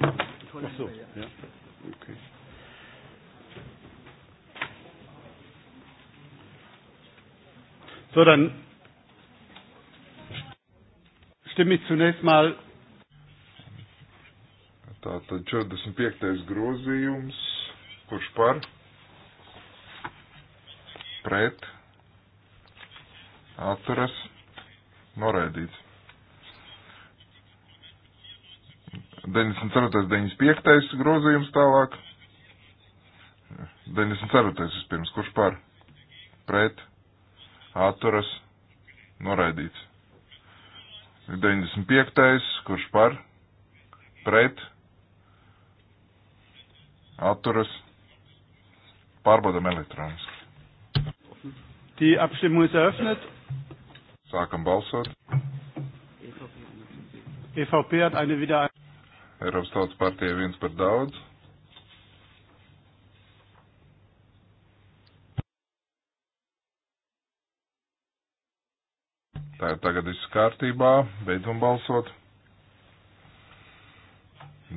Ach so, ja. Okay. So, dann stimme ich zunächst mal. Tātad 45. grozījums, kurš par, pret, atturas, noraidīts. 94. 95. grozījums tālāk. 94. vispirms, kurš par? Pret, atturas, noraidīts. 95. kurš par? Pret, atturas, pārbaudam elektroniski. Die Abstimmung ist eröffnet. Sākam balsot. EVP hat eine wieder Eiropas Tautas partija viens par daudz. Tā ir tagad viss kārtībā, beidzam balsot.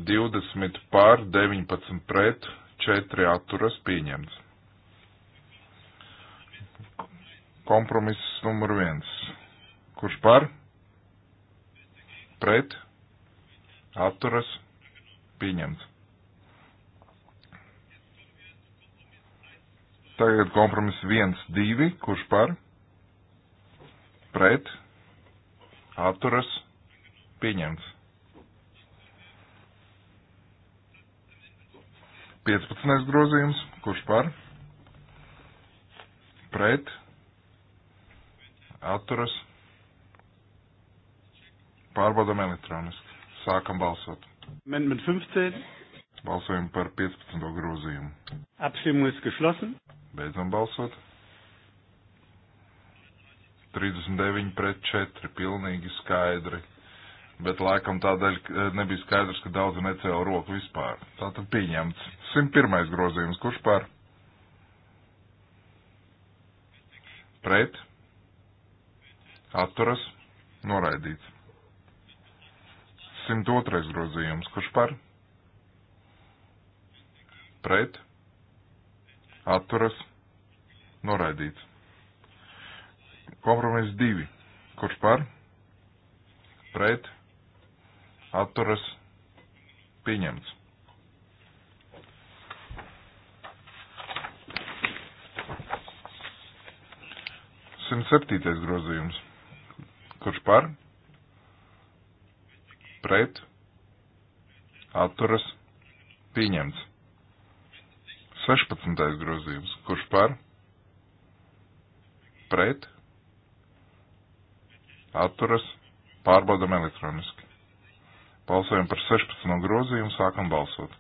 20 pār, 19 pret, 4 atturas pieņemts. Kompromiss numur 1. Kurš par? Pret? atturas pieņemts. Tagad kompromis 1, 2, kurš par, pret, atturas, pieņemts. 15. grozījums, kurš par, pret, atturas, pārbaudam elektroniski. Sākam balsot. Amendment 15. Balsojam par 15. grozījumu. Abstimmung ist geschlossen. Beidzam balsot. 39 pret 4, pilnīgi skaidri. Bet laikam tādēļ eh, nebija skaidrs, ka daudzi necēla roku vispār. Tātad pieņemts. 101. grozījums. Kurš par? Pret? Atturas? Noraidīts. 102. grozījums. Kurš par? Pret. Atturas. Noraidīts. Kompromiss 2. Kurš par? Pret. Atturas. Pieņemts. Simt septītais grozījums. Kurš par? pret, atturas, pieņemts. 16. grozījums, kurš par, pret, atturas, pārbaudam elektroniski. Balsojam par 16. grozījumu, sākam balsot.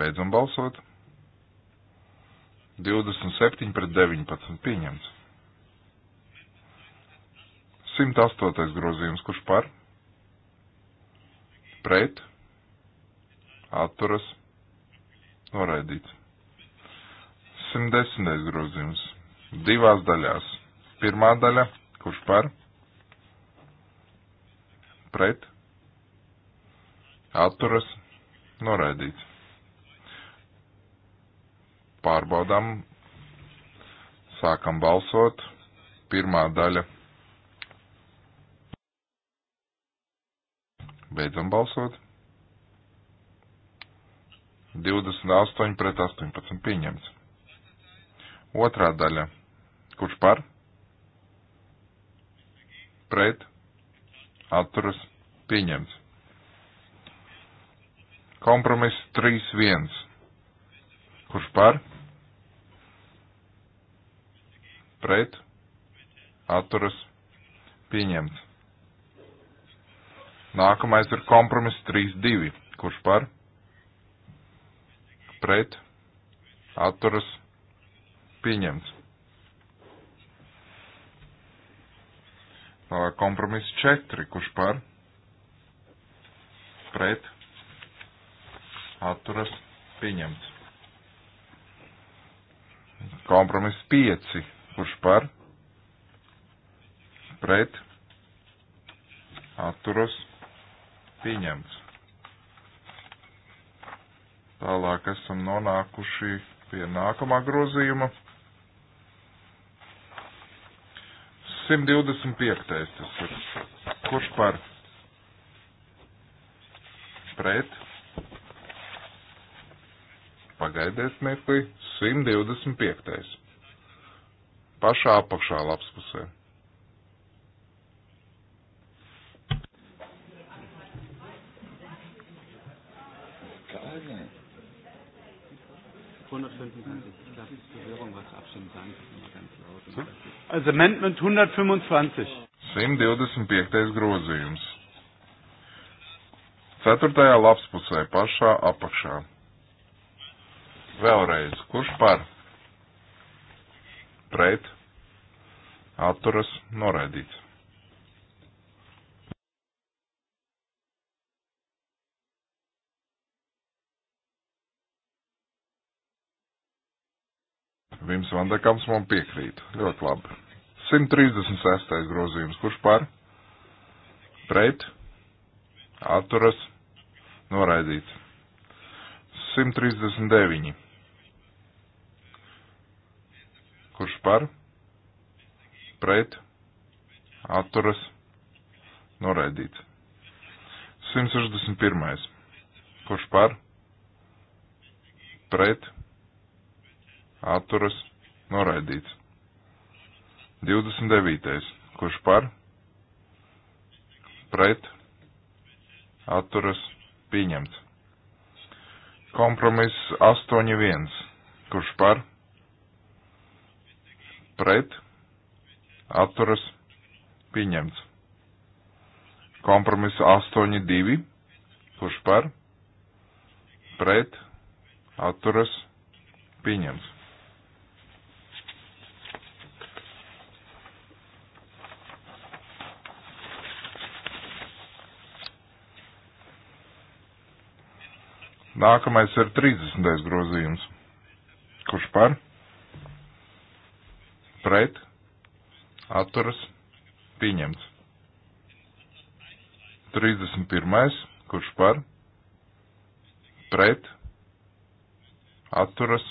Beidzam balsot. 27 pret 19 pieņemts. 108. grozījums, kurš par? Pret? Atturas? Noraidīts. 110. grozījums. Divās daļās. Pirmā daļa, kurš par? Pret? Atturas? Noraidīts. Pārbaudām. Sākam balsot. Pirmā daļa Beidzam balsot. 28 pret 18 pieņemts. Otrā daļa. Kurš par? Pret. Atturas. Pieņemts. Kompromiss 3-1. Kurš par? Pret. Atturas. Pieņemts. Nākamais ir kompromiss 3-2. Kurš par? Pret. Atturas. Pieņemts. Kompromiss 4. Kurš par? Pret. Atturas. Pieņemts. Kompromiss 5. Kurš par? Pret. Atturas. Pieņemts pieņemts. Tālāk esam nonākuši pie nākamā grozījuma. 125. tas ir. Kurš par? Pret? Pagaidiet mirkli. 125. Pašā apakšā lapspusē. 125. Ich darf die Verwirrung was abstimmen. Sagen Sie mal ganz laut. Hm? Also Amendment 125. 125. grozījums. Ceturtajā lapspusē, pašā apakšā. Vēlreiz, kurš par? Pret? Atturas noraidīts. Vims Vandekams man piekrīt. Ļoti labi. 136. grozījums. Kurš par? Pret? Atturas? Noraidīts. 139. Kurš par? Pret? Atturas? Noraidīts. 161. Kurš par? Pret? atturas noraidīts. 29. Kurš par? Pret. Atturas pieņemts. Kompromiss 8.1. Kurš par? Pret. Atturas pieņemts. Kompromiss 8.2. Kurš par? Pret. Atturas pieņemts Nākamais ir 30. grozījums. Kurš par? Pret? Atturas? Pieņemts. 31. Kurš par? Pret? Atturas?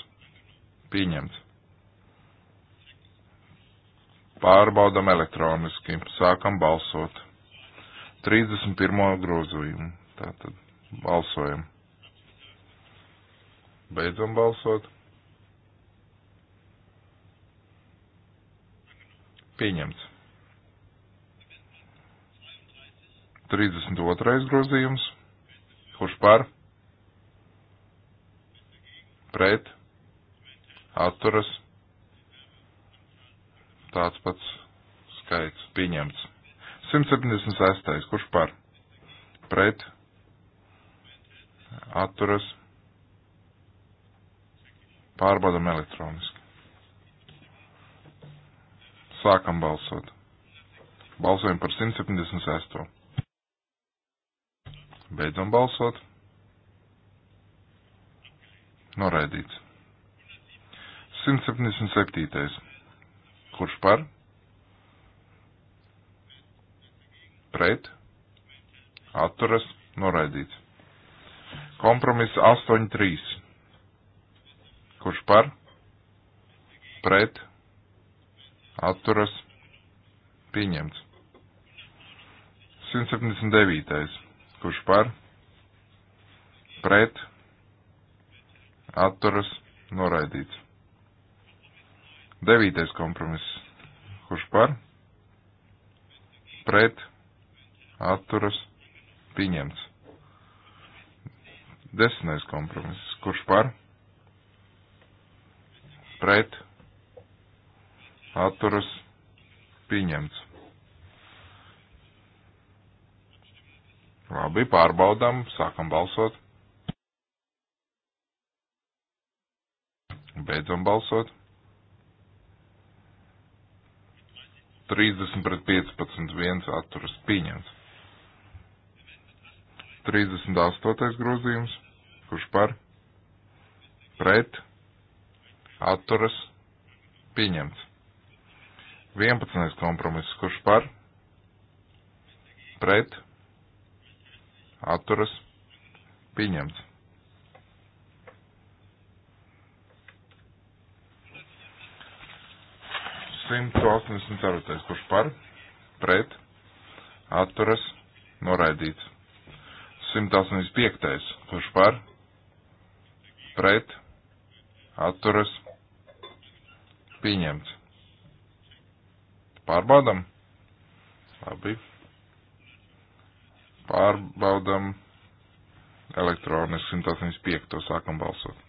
Pieņemts. Pārbaudam elektroniski. Sākam balsot. 31. grozījumu. Tātad balsojam. Beidzam balsot. Pieņemts. 32. grozījums. Kurš par? Pret. Atturas. Tāds pats skaits. Pieņemts. 176. Kurš par? Pret. Atturas Pārbaudam elektroniski. Sākam balsot. Balsojam par 176. Beidzam balsot. Noraidīts. 177. Kurš par? Pret. Atturas. Noraidīts. Kompromiss 8.3. Kurš par? Pret? Atturas? Pieņemts. 179. Kurš par? Pret? Atturas? Noraidīts. 9. kompromiss. Kurš par? Pret? Atturas? Pieņemts. Desmitais kompromiss. Kurš par? pret, atturas, pieņemts. Labi, pārbaudām, sākam balsot. Beidzam balsot. 30 pret 15, viens atturas pieņemts. 38. grozījums, kurš par pret atturas pieņemts. 11. kompromiss, kurš par, pret, atturas pieņemts. 184. kurš par, pret, atturas, noraidīts. 185. kurš par, pret, atturas, Pieņemts. Pārbaudam. Labi. Pārbaudam elektroniski 185. sākam balsot.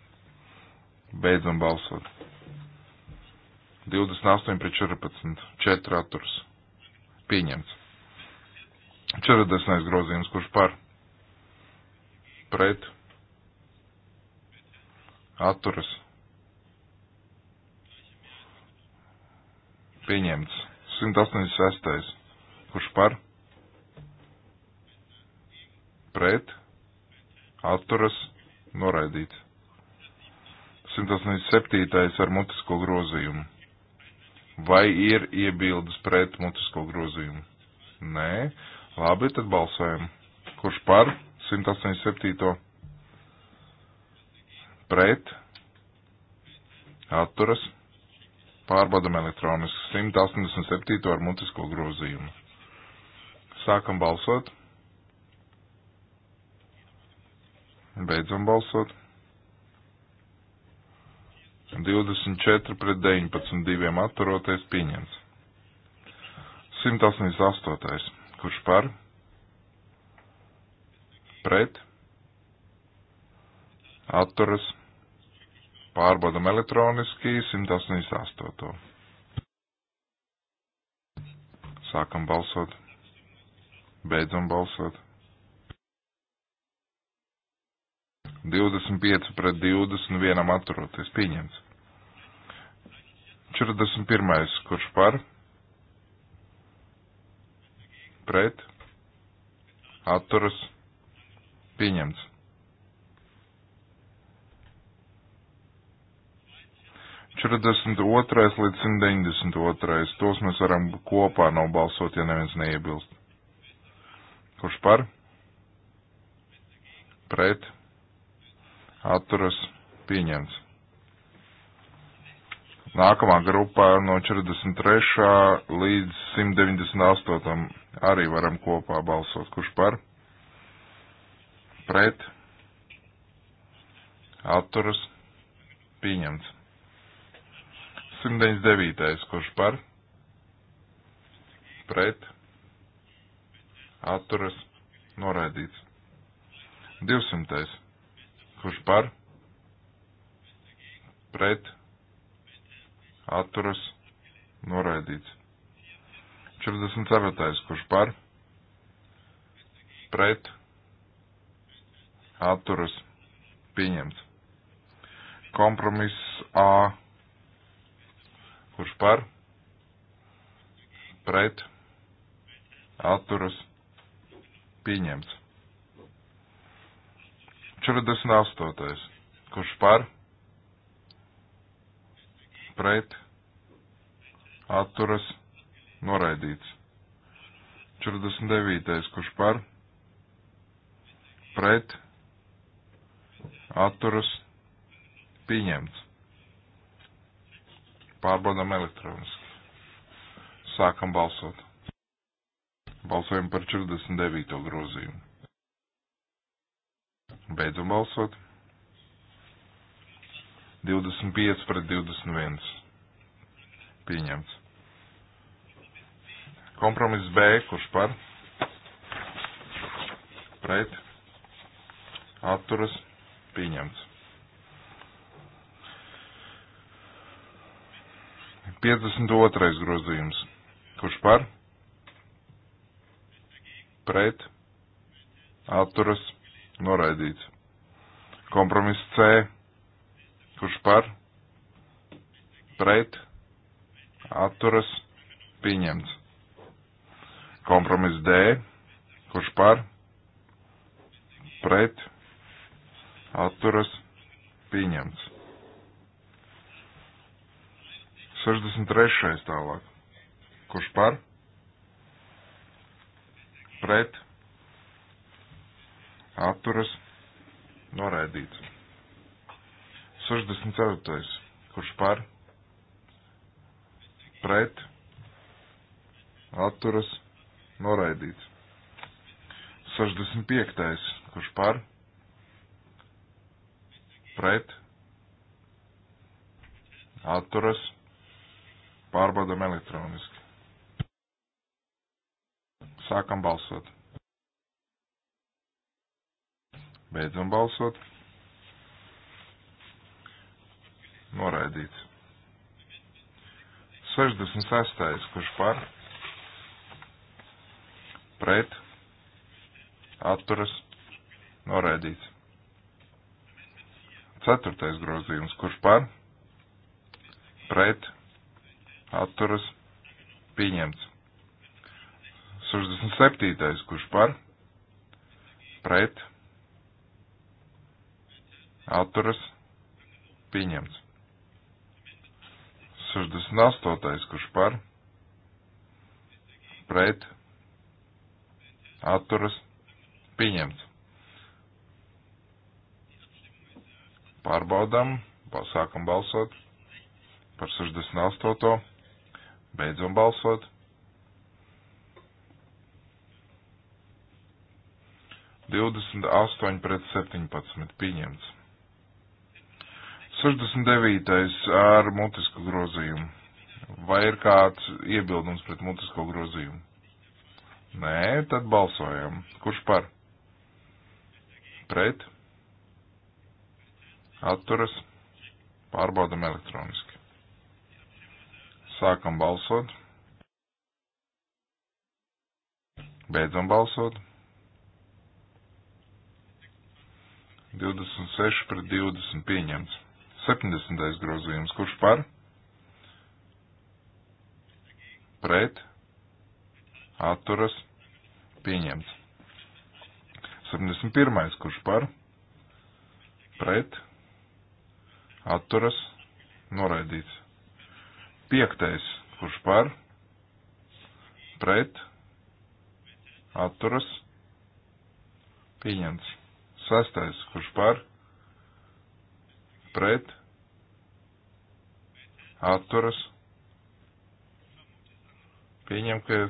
Beidzam balsot. 28 pret 14. 4 atturs. Pieņemts. 40. grozījums, kurš par? Pret. Atturas. pieņemts. 186. Kurš par? Pret. Atturas. Noraidīts. 187. ar mutisko grozījumu. Vai ir iebildes pret mutisko grozījumu? Nē. Labi, tad balsojam. Kurš par 187. pret? Atturas. Pārbaudam elektroniski 187. ar mutisko grozījumu. Sākam balsot. Beidzam balsot. 24 pret 19 diviem atturoties pieņemts. 188. Kurš par? Pret? Atturas? Pārbaudam elektroniski 188. Sākam balsot. Beidzam balsot. 25 pret 21 atturoties pieņemts. 41. Kurš par? Pret? Atturas? Pieņemts. 42. līdz 192. Tos mēs varam kopā nobalsot, ja neviens neiebilst. Kurš par? Pret? Atturas? Pieņemts. Nākamā grupā no 43. līdz 198. arī varam kopā balsot. Kurš par? Pret? Atturas? Pieņemts. 199. kurš par? Pret. Atturas. Noraidīts. 200. Kurš par? Pret. Atturas. Noraidīts. 47. Kurš par? Pret. Atturas. Pieņemts. Kompromiss A kurš par, pret, atturas, pieņemts. 48. kurš par, pret, atturas, noraidīts. 49. kurš par, pret, atturas, pieņemts. Pārbaudām elektroniski. Sākam balsot. Balsojam par 49. grozījumu. Beidzam balsot. 25 pret 21. Pieņemts. Kompromiss B, kurš par? Pret. Atturas. Pieņemts. 52. grozījums. Kurš par? Pret. Atturas. Noraidīts. Kompromiss C. Kurš par? Pret. Atturas. Pieņemts. Kompromiss D. Kurš par? Pret. Atturas. Pieņemts. 63. tālāk. Kurš par? Pret. Atturas. Noraidīts. 64. Kurš par? Pret. Atturas. Noraidīts. 65. Kurš par? Pret. Atturas Pārbaudam elektroniski. Sākam balsot. Beidzam balsot. Noraidīts. 66. Kurš par? Pret. Atturas. Noraidīts. 4. grozījums. Kurš par? Pret atturas pieņemts. 67. kurš par, pret, atturas pieņemts. 68. kurš par, pret, atturas pieņemts. Pārbaudām, sākam balsot par 68. Beidzam balsot. Divdesmit astoņi pret septiņpadsmit pieņemts. 69. ar mutisku grozījumu. Vai ir kāds iebildums pret mutisko grozījumu? Nē, tad balsojam. Kurš par? Pret? Atturas? Pārbaudam elektroniski. Sākam balsot. Beidzam balsot. 26 pret 20 pieņemts. 70. grozījums. Kurš par? Pret. Atturas. Pieņemts. 71. Kurš par? Pret. Atturas. Noraidīts. Piektais, kurš par, pret, atturas, pieņemts. Sastais, kurš par, pret, atturas, pieņem, ka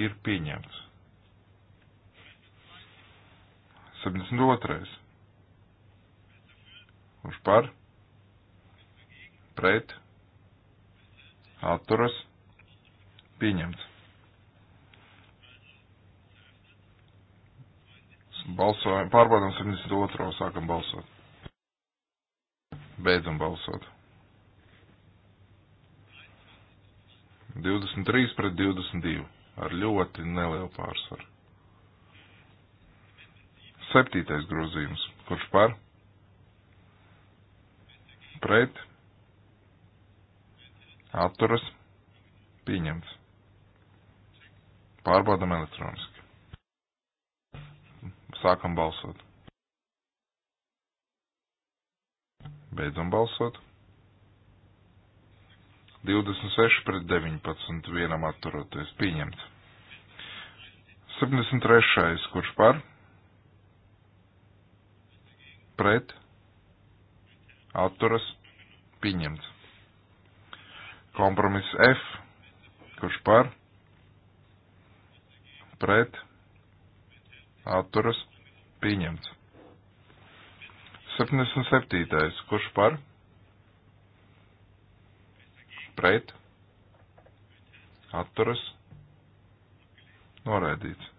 ir pieņemts. 72. Kurš par, pret, atturas pieņemts. Balsojam, pārbaudam 72. sākam balsot. Beidzam balsot. 23 pret 22 ar ļoti nelielu pārsvaru. Septītais grozījums. Kurš par? Pret atturas pieņemts. Pārbaudam elektroniski. Sākam balsot. Beidzam balsot. 26 pret 19 vienam atturoties pieņemts. 73. kurš par? Pret. Atturas pieņemts. Kompromiss F, kurš par, pret, atturas, pieņemts. 77. kurš par, pret, atturas, noraidīts.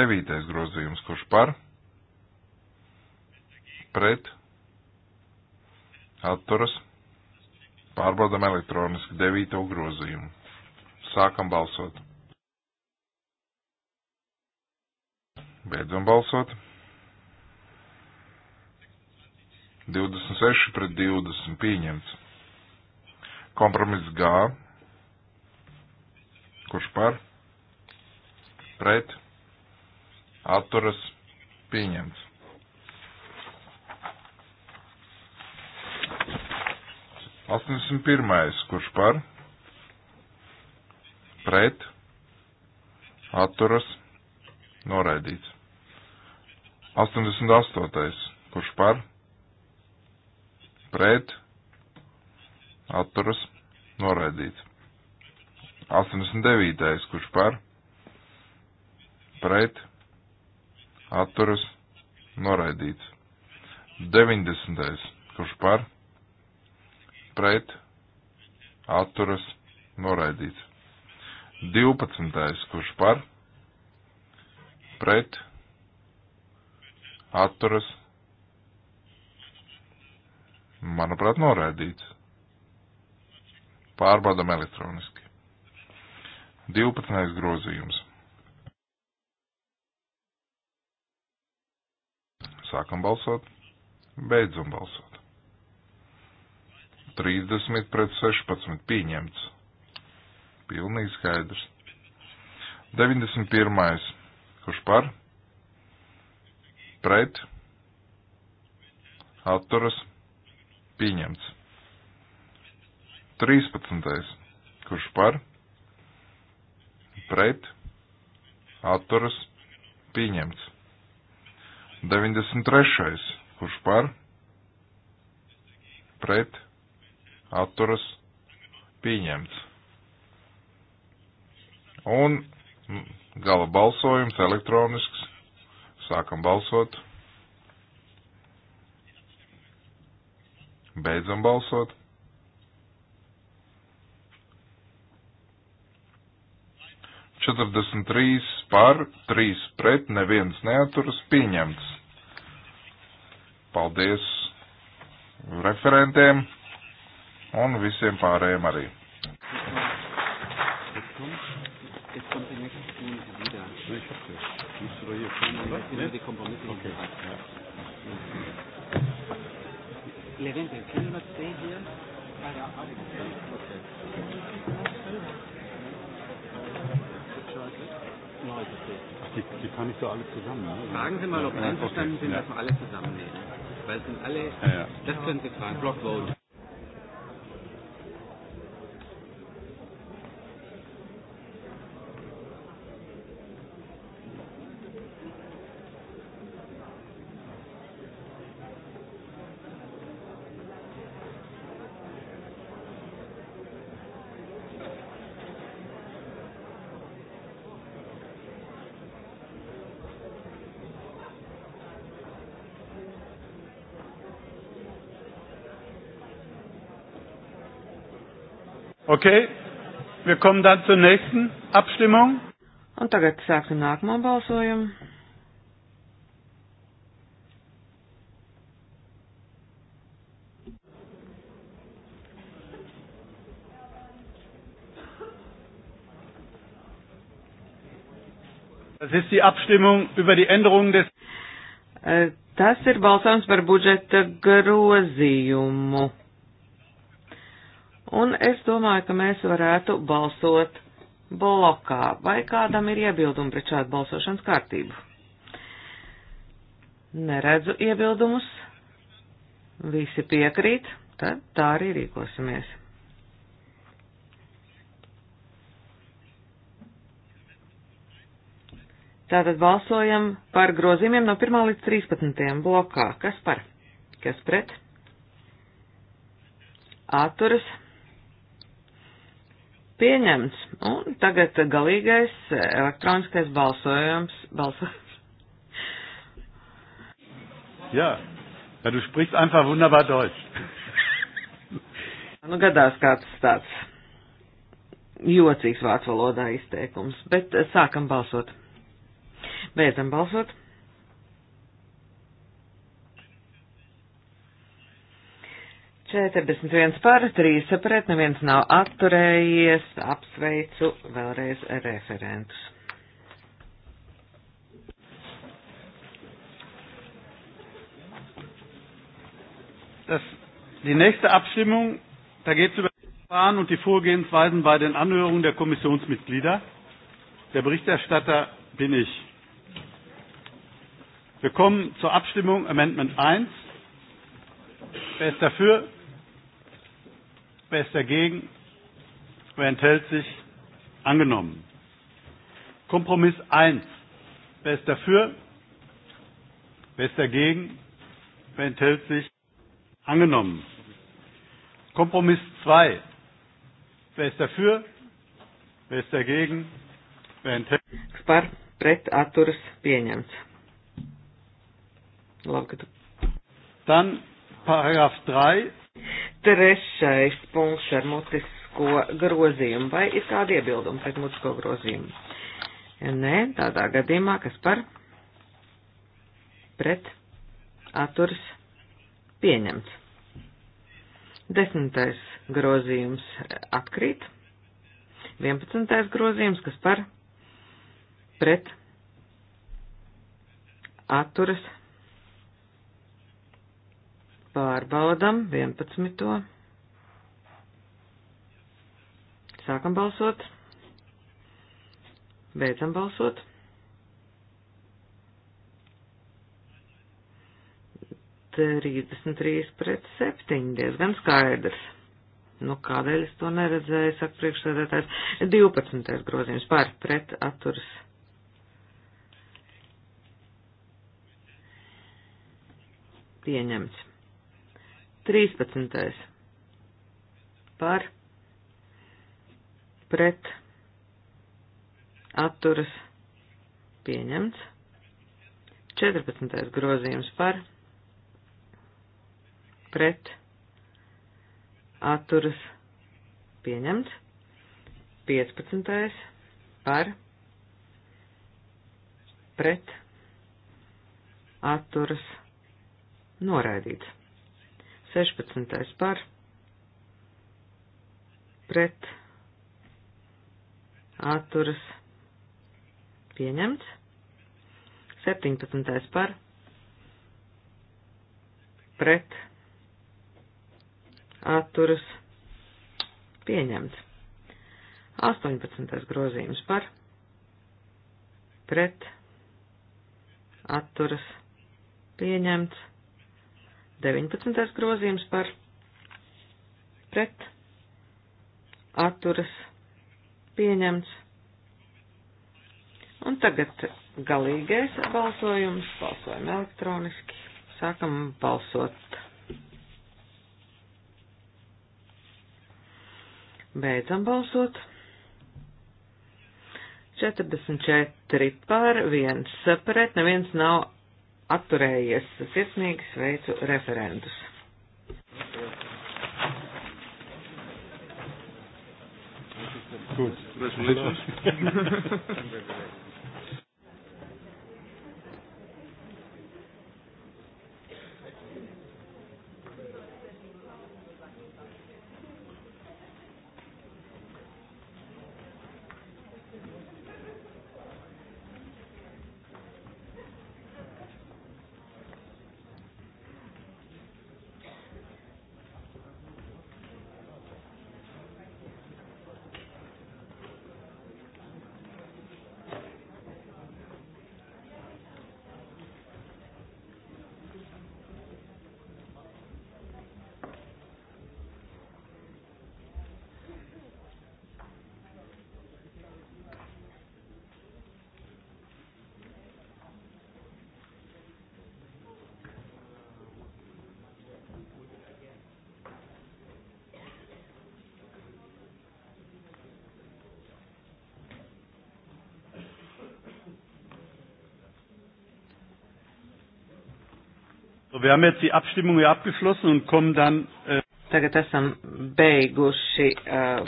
9. grozījums, kurš par, pret, atturas, noraidīts Pārbaudam elektroniski devīto grozījumu. Sākam balsot. Beidzam balsot. 26 pret 20 pieņemts. Kompromiss G. Kurš par? Pret. Atturas. Pieņemts. 81. kurš par, pret, atturas, noraidīts. 88. kurš par, pret, atturas, noraidīts. 89. kurš par, pret, atturas, noraidīts. 90. kurš par, pret, pret atturas noraidīts. 12. kurš par pret atturas manuprāt noraidīts. Pārbaudam elektroniski. 12. grozījums. Sākam balsot, beidzam balsot. 30 pret 16 pieņemts. Pilnīgi skaidrs. 91. Kurš par? Pret? Atturas? Pieņemts. 13. Kurš par? Pret? Atturas? Pieņemts. 93. Kurš par? Pret? atturas pieņemts. Un gala balsojums elektronisks. Sākam balsot. Beidzam balsot. Četrdesmit trīs par, trīs pret, neviens neaturas pieņemts. Paldies referentiem un visiem pārējiem arī. Levente, can you not stay here? Die, die kann ich so alle zusammen. Ne? Fragen Sie mal, ob ja, einverstanden okay. sind, ja. dass wir alle zusammennehmen. Weil es sind alle, ja, ja. das können Sie fragen, Block Vote. Okay, wir kommen dann zur nächsten Abstimmung. Un tagad sāksim nākamo balsojumu. Das ist die Abstimmung über die Änderung des. Äh, tas ir balsojums par budžeta grozījumu. Un es domāju, ka mēs varētu balsot blokā, vai kādam ir iebildumi pret šādu balsošanas kārtību. Neredzu iebildumus, visi piekrīt, tad tā arī rīkosimies. Tātad balsojam par grozījumiem no 1 līdz 13 blokā. Kas par? Kas pret? Atturas Pieņemts. Un tagad galīgais elektroniskais balsojums. Balsojums. Jā, ja, du sprichst einfach wunderbar Deutsch. nu, gadās kāds tāds jocīgs vācu valodā izteikums, bet sākam balsot. Beidzam balsot. 41 par, 3 pret, neviens nav atturējies, apsveicu vēlreiz referentus. Das, die nächste Abstimmung, da geht es über das Verfahren und die Vorgehensweisen bei den Anhörungen der Kommissionsmitglieder. Der Berichterstatter bin ich. Wir kommen zur Abstimmung Amendment 1. Wer ist dafür? Wer ist dagegen? Wer enthält sich? Angenommen. Kompromiss 1. Wer ist dafür? Wer ist dagegen? Wer enthält sich? Angenommen. Kompromiss 2. Wer ist dafür? Wer ist dagegen? Wer enthält sich? Par pret atturas pieņemts. Labi, ka tu. Dann paragraf 3. Trešais punkts ar mutisko grozījumu. Vai ir kādi iebildumi pret mutisko grozījumu? Ja nē, tādā gadījumā, kas par pret atturs pieņemts. Desmitais grozījums atkrīt. Vienpadsmitais grozījums, kas par pret atturas pieņemts Pārbaudam 11. Sākam balsot. Beidzam balsot. Trīsdesmit trīs pret septiņi, diezgan skaidrs. Nu, kādēļ es to neredzēju, saka priekšsēdētājs. 12. grozījums pār pret atturas. Pieņemts. 13. par pret atturas pieņemts. 14. grozījums par pret atturas pieņemts. 15. par pret atturas noraidīts. 16. par pret atturas pieņemts, 17. par pret atturas pieņemts, 18. grozījums par pret atturas pieņemts, 19. grozījums par pret atturas pieņemts. Un tagad galīgais balsojums. Balsojam elektroniski. Sākam balsot. Beidzam balsot. 44 par 1 pret, neviens nav atturējies. Sirsnīgi sveicu referentus. Gut. So, wir haben jetzt die Abstimmung hier abgeschlossen un kommen dann. Äh Tagad esam beiguši äh,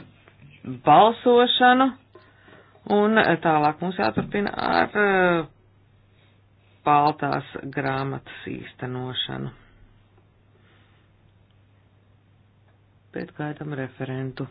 balsošanu, un äh, tālāk mums jāturpina ar äh, baltās grāmatas īstenošanu. Bet gaidam referentu.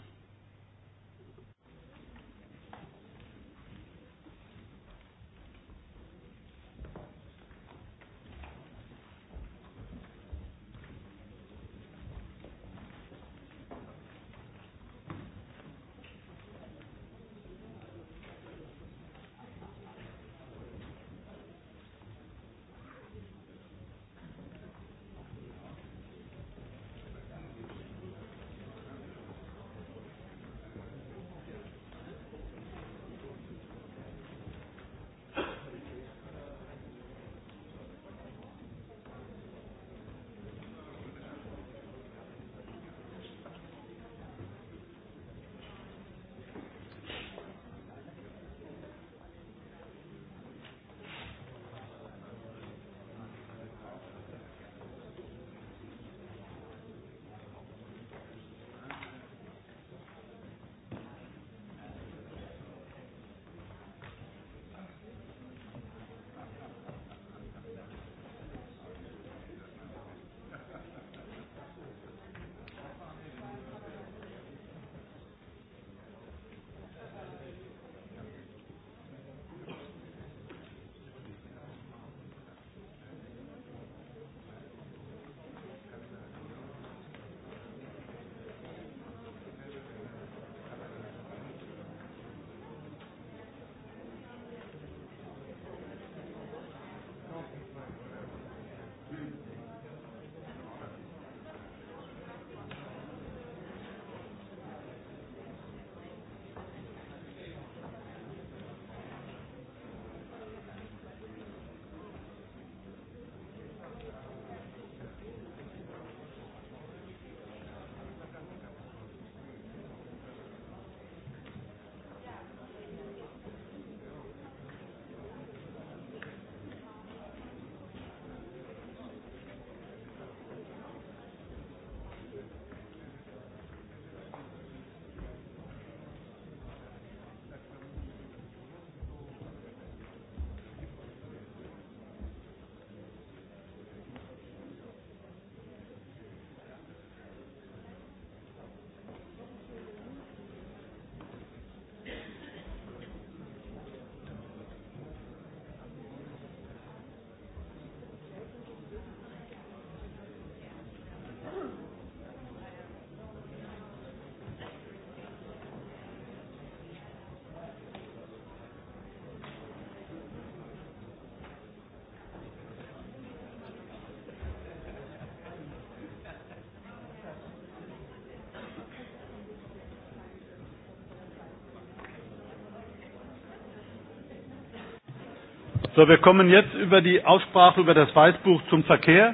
So, wir kommen jetzt über die Aussprache über das Weißbuch zum Verkehr.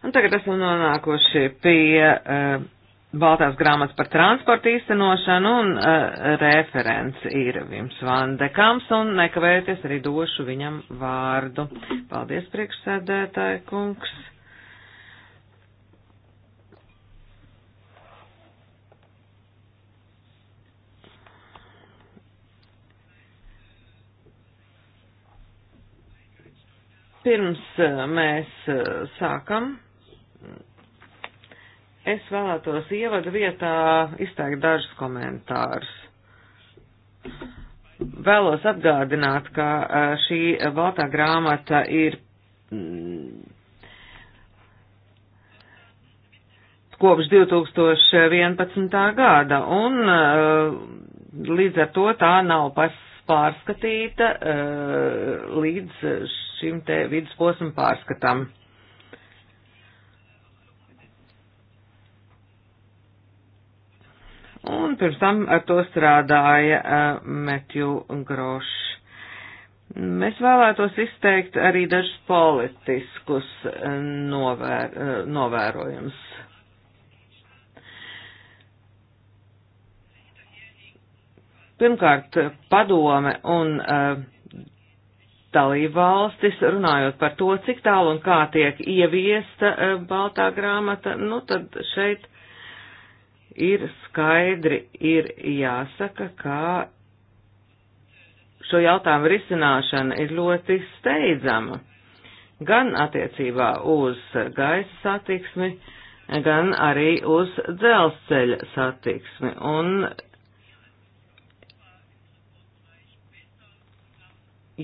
Un tagad esam nonākuši pie uh, Baltās grāmatas par transportu īstenošanu un uh, referents ir Vims Vandekams un nekavēties arī došu viņam vārdu. Paldies priekšsēdētāji kungs. Pirms eh, mēs eh, sākam, es vēlētos ievada vietā izteikt dažus komentārus. Vēlos atgādināt, ka eh, šī baltā grāmata ir mm, kopš 2011. gada, un līdz ar to tā nav pas pārskatīta līdz šim te vidusposma pārskatam. Un pirms tam ar to strādāja uh, eh, Metju Grošs. Mēs vēlētos izteikt arī dažus politiskus eh, novēr, eh, novērojumus. Pirmkārt, padome un uh, dalībvalstis, runājot par to, cik tālu un kā tiek ieviesta e, baltā grāmata, nu tad šeit ir skaidri ir jāsaka, ka šo jautājumu risināšana ir ļoti steidzama. Gan attiecībā uz gaisa satiksmi, gan arī uz dzelzceļa satiksmi. Un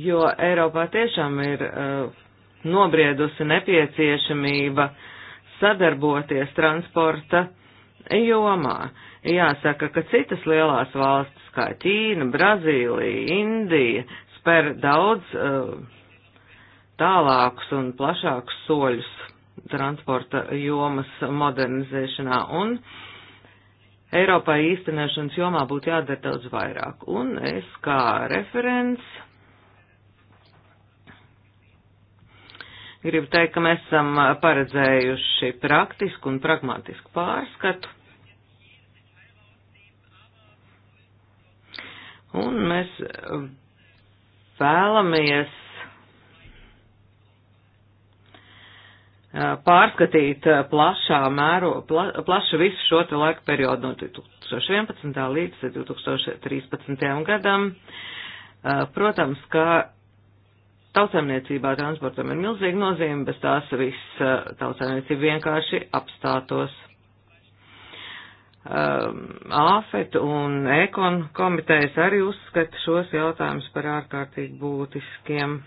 jo Eiropā tiešām ir uh, nobriedusi nepieciešamība sadarboties transporta jomā. Jāsaka, ka citas lielās valstis kā Ķīna, Brazīlija, Indija spēr daudz uh, tālākus un plašākus soļus transporta jomas modernizēšanā un Eiropai īstenošanas jomā būtu jādara daudz vairāk. Un es kā referents Gribu teikt, ka mēs esam paredzējuši praktisku un pragmatisku pārskatu. Un mēs vēlamies pārskatīt plašā mēro, pla, plašu visu šo te laika periodu no 2011. līdz 2013. gadam. Protams, ka Tautsēmniecībā transportam ir milzīga nozīme, bez tās viss eh, tautsēmniecība vienkārši apstātos. Um, AFET un Ekon komitejas arī uzskata šos jautājumus par ārkārtīgi būtiskiem.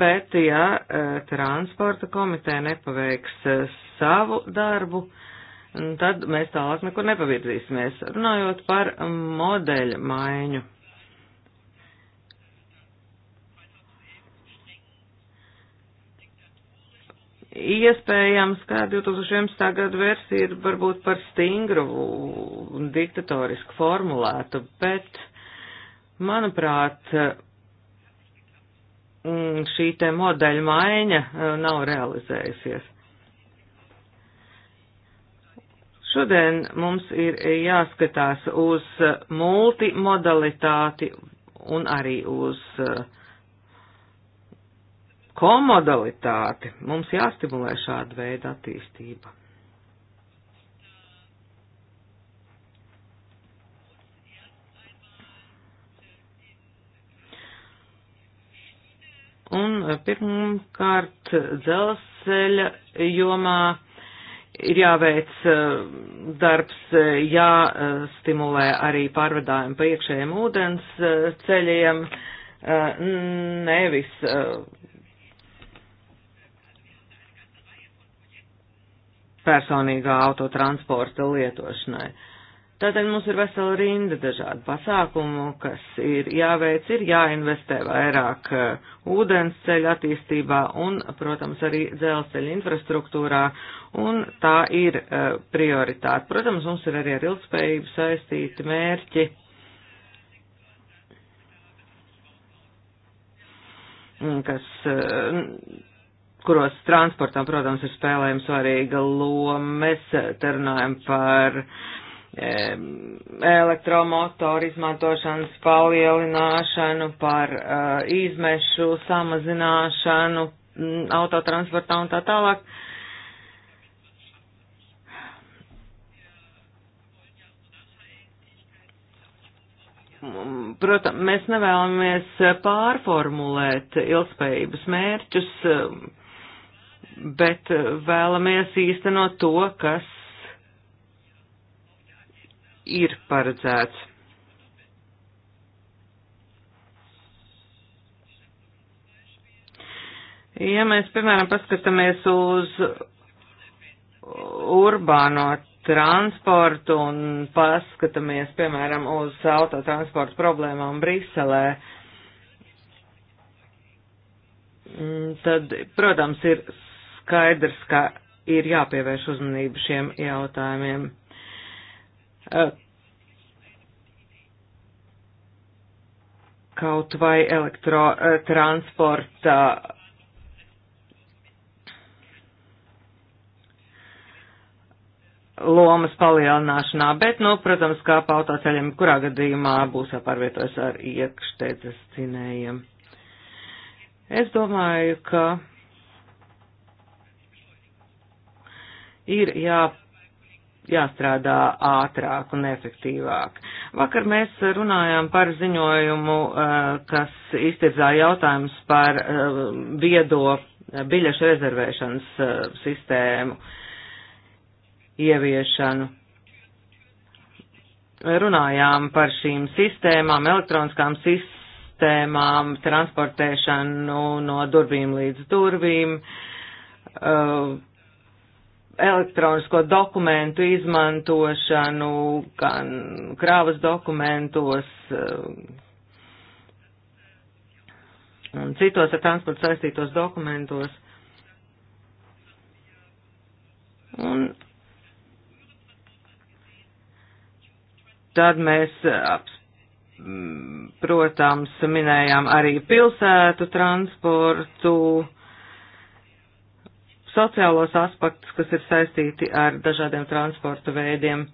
Bet, ja eh, transporta komiteja nepaveiks eh, savu darbu, tad mēs tālāk nekur nepavirzīsimies. Runājot par modeļu maiņu Iespējams, ka 2011. gada versija ir varbūt par stingru un diktatorisku formulētu, bet, manuprāt, mm, šī te modeļa maiņa eh, nav realizējusies. Šodien mums ir jāskatās uz multimodalitāti un arī uz uh, komodalitāti. Mums jāstimulē šāda veida attīstība. Un e, pirmkārt dzelzceļa jomā ir jāveic e, darbs, e, jāstimulē arī pārvadājumi pa iekšējiem ūdens ceļiem, nevis personīgā autotransporta lietošanai. Tātad mums ir vesela rinda dažādu pasākumu, kas ir jāveic, ir jāinvestē vairāk uh, ūdens ceļa attīstībā un, protams, arī dzelzceļa infrastruktūrā, un tā ir uh, prioritāte. Protams, mums ir arī ar ilgspējību saistīti mērķi. kas uh, kuros transportam, protams, ir spēlējama svarīga loma. Mēs eh, te runājam par elektromotoru izmantošanas palielināšanu, par uh, izmešu samazināšanu mm, autotransportā un tā tālāk. Protams, mēs nevēlamies pārformulēt ilgspējības mērķus, uh, bet eh, vēlamies īstenot to, kas ir paredzēts. Ja mēs, piemēram, paskatāmies uz urbāno transportu un paskatāmies, piemēram, uz autotransportu problēmām Briselē, mm, tad, protams, ir skaidrs, ka ir jāpievērš uzmanību šiem jautājumiem. Eh, kaut vai elektrotransporta eh, lomas palielināšanā, bet, nu, protams, kā pautāceļiem, kurā gadījumā būs jāpārvietojas ar iekštēdzes cinējiem. Es domāju, ka ir jā, jāstrādā ātrāk un efektīvāk. Vakar mēs runājām par ziņojumu, eh, kas iztirzā jautājums par eh, viedo eh, biļešu rezervēšanas sistēmu ieviešanu runājām par šīm sistēmām, elektroniskām sistēmām, transportēšanu no durvīm līdz durvīm, elektronisko dokumentu izmantošanu, gan krāvas dokumentos eh, un citos ar transportu saistītos dokumentos. Un tad mēs apspriežam eh, protams, minējām arī pilsētu transportu, sociālos aspektus, kas ir saistīti ar dažādiem transporta veidiem.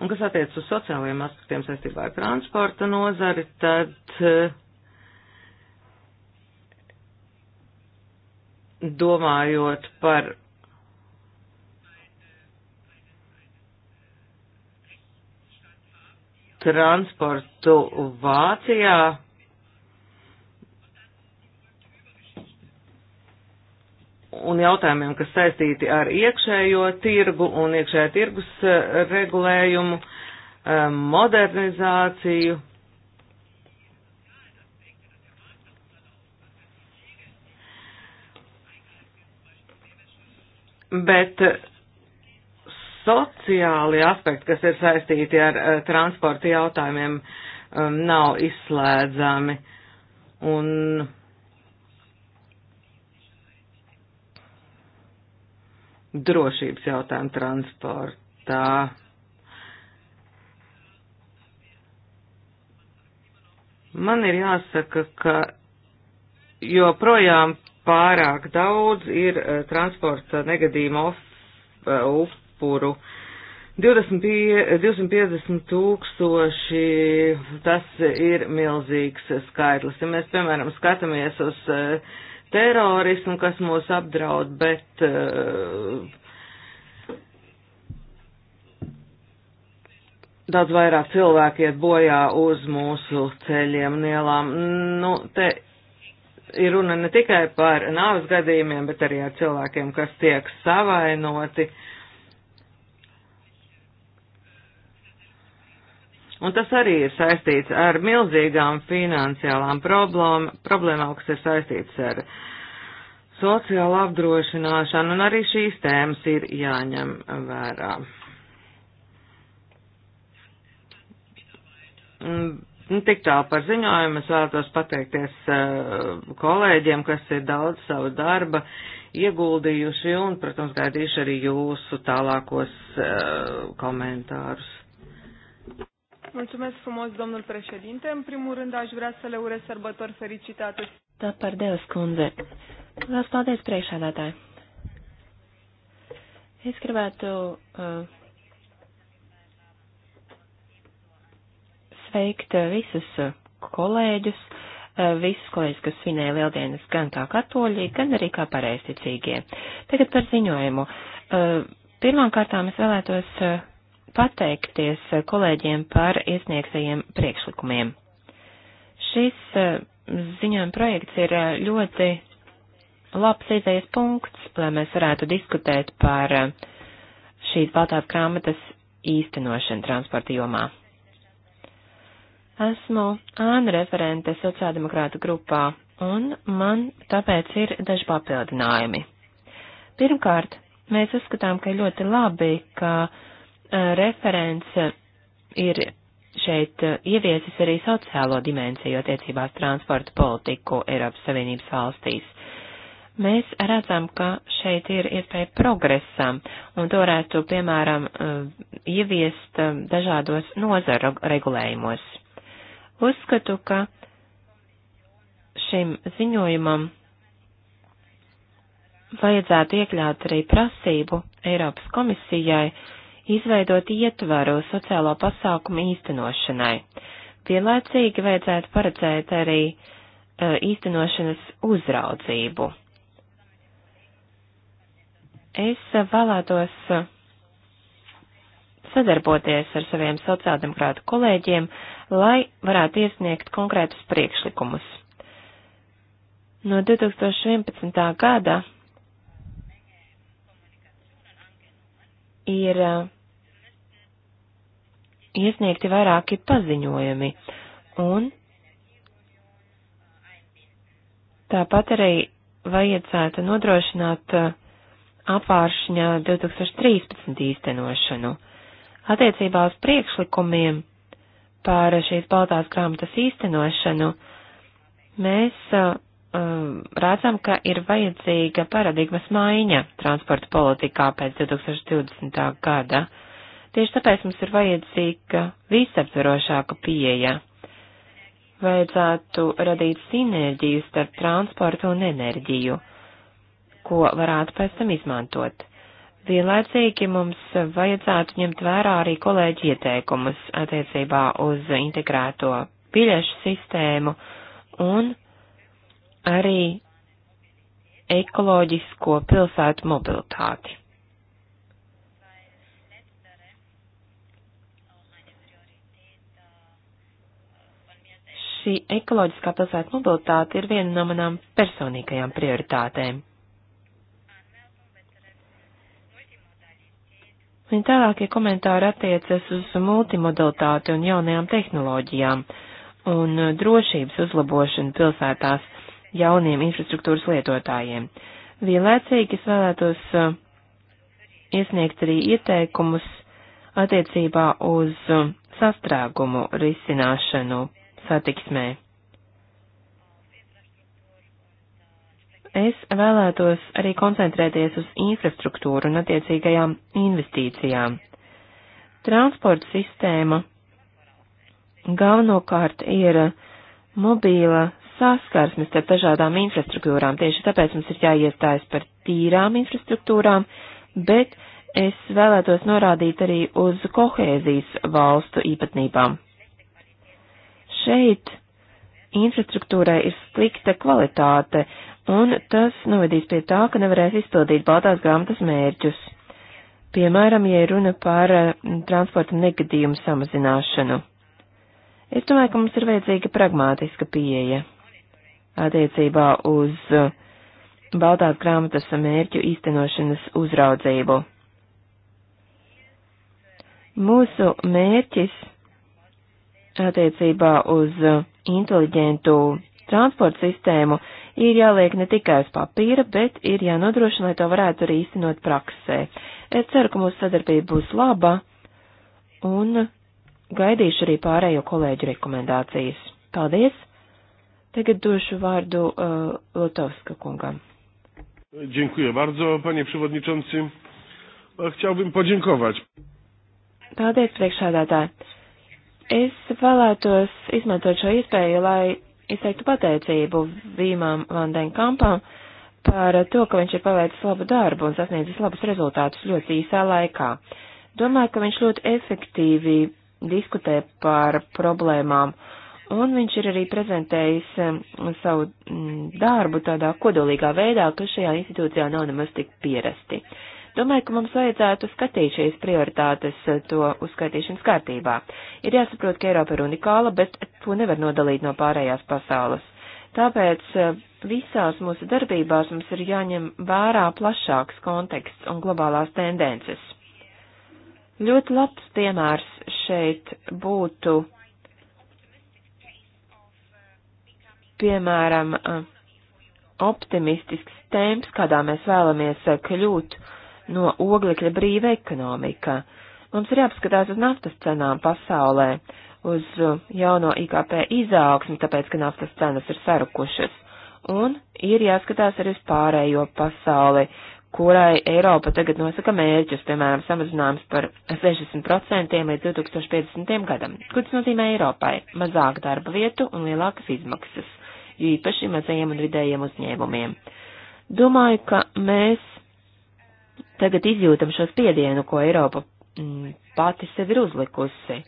Un kas attiec uz sociālajiem aspektiem saistībā ar transporta nozari, tad eh, domājot par transportu Vācijā, un jautājumiem, kas saistīti ar iekšējo tirgu un iekšējā tirgus eh, regulējumu, eh, modernizāciju. Bet eh, sociāli aspekti, kas ir saistīti ar transporta jautājumiem, nav izslēdzami. Un drošības jautājumu transportā. Man ir jāsaka, ka joprojām pārāk daudz ir uh, transporta negadījuma uh, e, upuru. 25, 250 tūkstoši, tas ir milzīgs skaitlis. Ja mēs, piemēram, skatāmies uz uh, terorismu, kas mūs apdraud, bet uh, daudz vairāk cilvēki iet bojā uz mūsu ceļiem un ielām. Nu, te ir runa ne tikai par nāves gadījumiem, bet arī ar cilvēkiem, kas tiek savainoti. Uh, Un tas arī ir saistīts ar milzīgām finansiālām problēma, problēmām, kas ir saistīts ar sociālu apdrošināšanu, un arī šīs tēmas ir jāņem vērā. Nu, tik tālu par ziņojumu es vēlētos pateikties uh, kolēģiem, kas ir daudz savu darba ieguldījuši, un, protams, gaidīšu arī jūsu tālākos uh, komentārus. Mulțumesc frumos, domnul președinte. În primul rând, aș vrea să le urez sărbători fericite atât. Tā par Dievs, kundze. Lielas paldies priekšādātāji. Es gribētu uh, sveikt uh, visus uh, kolēģus, uh, visus kolēģus, kas svinēja lieldienas gan kā katoļi, gan arī kā pareisticīgie. Tagad par ziņojumu. Pirmkārtām es vēlētos pateikties kolēģiem par iesniegtajiem priekšlikumiem. Šis eh, ziņojuma projekts ir eh, ļoti labs izējas punkts, lai mēs varētu diskutēt par eh, šīs baltās grāmatas īstenošanu transporta jomā. Esmu āna referente sociāldemokrātu grupā, un man tāpēc ir daži papildinājumi. Pirmkārt, mēs uzskatām, ka ļoti labi, ka uh, Eh, referents eh, ir šeit eh, ieviesis arī sociālo dimensiju attiecībās transporta politiku Eiropas Savienības valstīs. Mēs redzam, ka šeit ir iespēja progresam, un to varētu, piemēram, ieviest dažādos nozaru regulējumos. Uzskatu, ka šim ziņojumam vajadzētu iekļaut arī prasību Eiropas komisijai, uh, izveidot ietvaru sociālo pasākumu īstenošanai. Vienlaicīgi vajadzētu paredzēt arī uh, īstenošanas uzraudzību. Es uh, vēlētos uh, sadarboties ar saviem sociāldemokrātu kolēģiem, lai varētu iesniegt konkrētus priekšlikumus. No 2011. gada ir uh, iesniegti vairāki paziņojumi, un tāpat arī vajadzētu nodrošināt uh, apāršņa 2013 īstenošanu. Attiecībā uz priekšlikumiem par šīs baltās grāmatas īstenošanu mēs uh, uh redzam, ka ir vajadzīga paradigmas maiņa transporta politikā pēc 2020. gada. Tieši tāpēc mums ir vajadzīga visaptverošāka pieeja. Vajadzētu radīt sinerģiju starp transportu un enerģiju, ko varētu pēc tam izmantot. Vienlaicīgi mums vajadzētu ņemt vērā arī kolēģi ieteikumus attiecībā uz integrēto biļešu sistēmu un arī ekoloģisko pilsētu mobilitāti. šī ekoloģiskā pilsētas mobilitāte ir viena no manām personīgajām prioritātēm. Viņa tālākie komentāri attiecas uz multimodalitāti un jaunajām tehnoloģijām un drošības uzlabošanu pilsētās jauniem infrastruktūras lietotājiem. Vienlaicīgi es vēlētos uh, iesniegt arī ieteikumus attiecībā uz uh, sastrēgumu risināšanu satiksmē. Es vēlētos arī koncentrēties uz infrastruktūru un attiecīgajām investīcijām. Transporta sistēma galvenokārt ir mobīla saskarsmes starp dažādām infrastruktūrām. Tieši tāpēc mums ir jāiestājas par tīrām infrastruktūrām, bet es vēlētos norādīt arī uz kohēzijas valstu īpatnībām. Šeit infrastruktūrai ir slikta kvalitāte, un tas novedīs pie tā, ka nevarēs izpildīt Baltās grāmatas mērķus. Piemēram, ja runa par transporta negadījumu samazināšanu. Es domāju, ka mums ir vajadzīga pragmātiska pieeja attiecībā uz Baltās grāmatas mērķu īstenošanas uzraudzību. Mūsu mērķis attiecībā uz uh, inteliģentu transporta sistēmu ir jāliek ne tikai uz papīra, bet ir jānodrošina, lai to varētu arī īstenot praksē. Es ceru, ka mūsu sadarbība būs laba un gaidīšu arī pārējo kolēģu rekomendācijas. Paldies! Tagad došu vārdu uh, Lotovska kungam. Dziękuję bardzo, panie przewodniczący. Chciałbym podziękować. Paldies, priekšādātāji. Es vēlētos izmantot šo iespēju, lai izteiktu pateicību Vīmam Vandenkampam par to, ka viņš ir paveicis labu darbu un sasniedzis labus rezultātus ļoti īsā laikā. Domāju, ka viņš ļoti efektīvi diskutē par problēmām, un viņš ir arī prezentējis um, savu mm, darbu tādā kodolīgā veidā, kas šajā institūcijā nav nemaz tik pierasti. Uh, Domāju, ka mums vajadzētu skatīt šīs prioritātes eh, to uzskaitīšanas kārtībā. Ir jāsaprot, ka Eiropa ir unikāla, bet to nevar nodalīt no pārējās pasaules. Tāpēc eh, visās mūsu darbībās mums ir jāņem vērā plašāks konteksts un globālās tendences. Ļoti labs piemērs šeit būtu, piemēram, eh, optimistisks temps, kādā mēs vēlamies kļūt no oglekļa brīva ekonomika. Mums ir jāpaskatās uz naftas cenām pasaulē, uz uh, jauno IKP izaugsmi, tāpēc, ka naftas cenas ir sarukušas, un ir jāskatās arī uz pārējo pasauli, kurai Eiropa tagad nosaka mērķus, piemēram, samazinājums par 60% līdz 2050. gadam. Ko tas nozīmē Eiropai? Mazāk darba vietu un lielākas izmaksas, jo īpaši mazajiem un vidējiem uzņēmumiem. Domāju, ka mēs tagad izjūtam šo spiedienu, ko Eiropa m, mm, pati sev ir uzlikusi.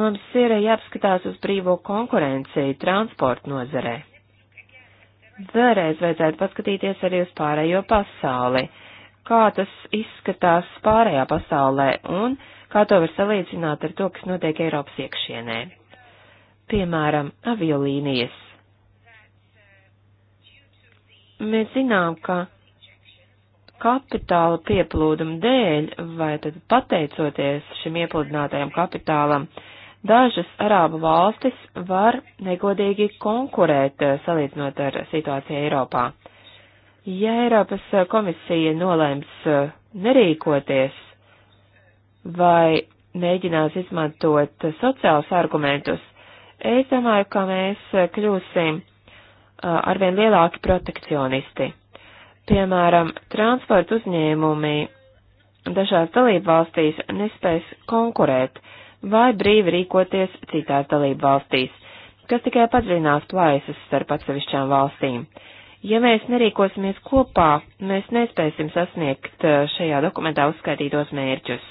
Mums ir jāapskatās uz brīvo konkurenci transporta nozarē. Vēlreiz vajadzētu paskatīties arī uz pārējo pasauli, kā tas izskatās pārējā pasaulē un kā to var salīdzināt ar to, kas notiek Eiropas iekšienē. Piemēram, aviolīnijas. Mēs zinām, ka kapitāla pieplūduma dēļ, vai tad pateicoties šim iepludinātajam kapitālam, dažas arābu valstis var negodīgi konkurēt eh, salīdzinot ar situāciju Eiropā. Ja Eiropas komisija nolēms eh, nerīkoties vai mēģinās izmantot sociālus argumentus, es domāju, ka mēs kļūsim eh, arvien lielāki protekcionisti. Piemēram, transporta uzņēmumi dažās dalībvalstīs nespēs konkurēt vai brīvi rīkoties citās dalībvalstīs, kas tikai padzinās plaisas starp atsevišķām valstīm. Ja mēs nerīkosimies kopā, mēs nespēsim sasniegt eh, šajā dokumentā uzskaitītos mērķus.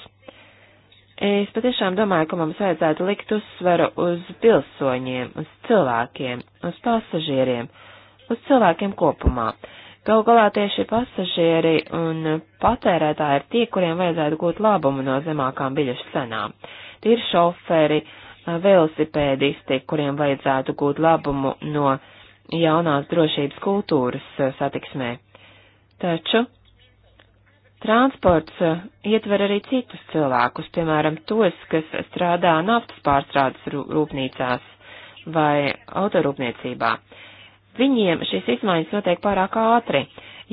Es patiešām domāju, ka mums vajadzētu likt uzsvaru uz pilsoņiem, uz cilvēkiem, uz pasažieriem, uz cilvēkiem kopumā. Galu galā tieši pasažieri un patērētāji ir tie, kuriem vajadzētu gūt labumu no zemākām biļešu cenām. Tie ir šoferi, velosipēdisti, kuriem vajadzētu gūt labumu no jaunās drošības kultūras satiksmē. Taču transports ietver arī citus cilvēkus, piemēram, tos, kas strādā naftas pārstrādes rūpnīcās vai autorūpniecībā. Viņiem šīs izmaiņas notiek pārāk ātri.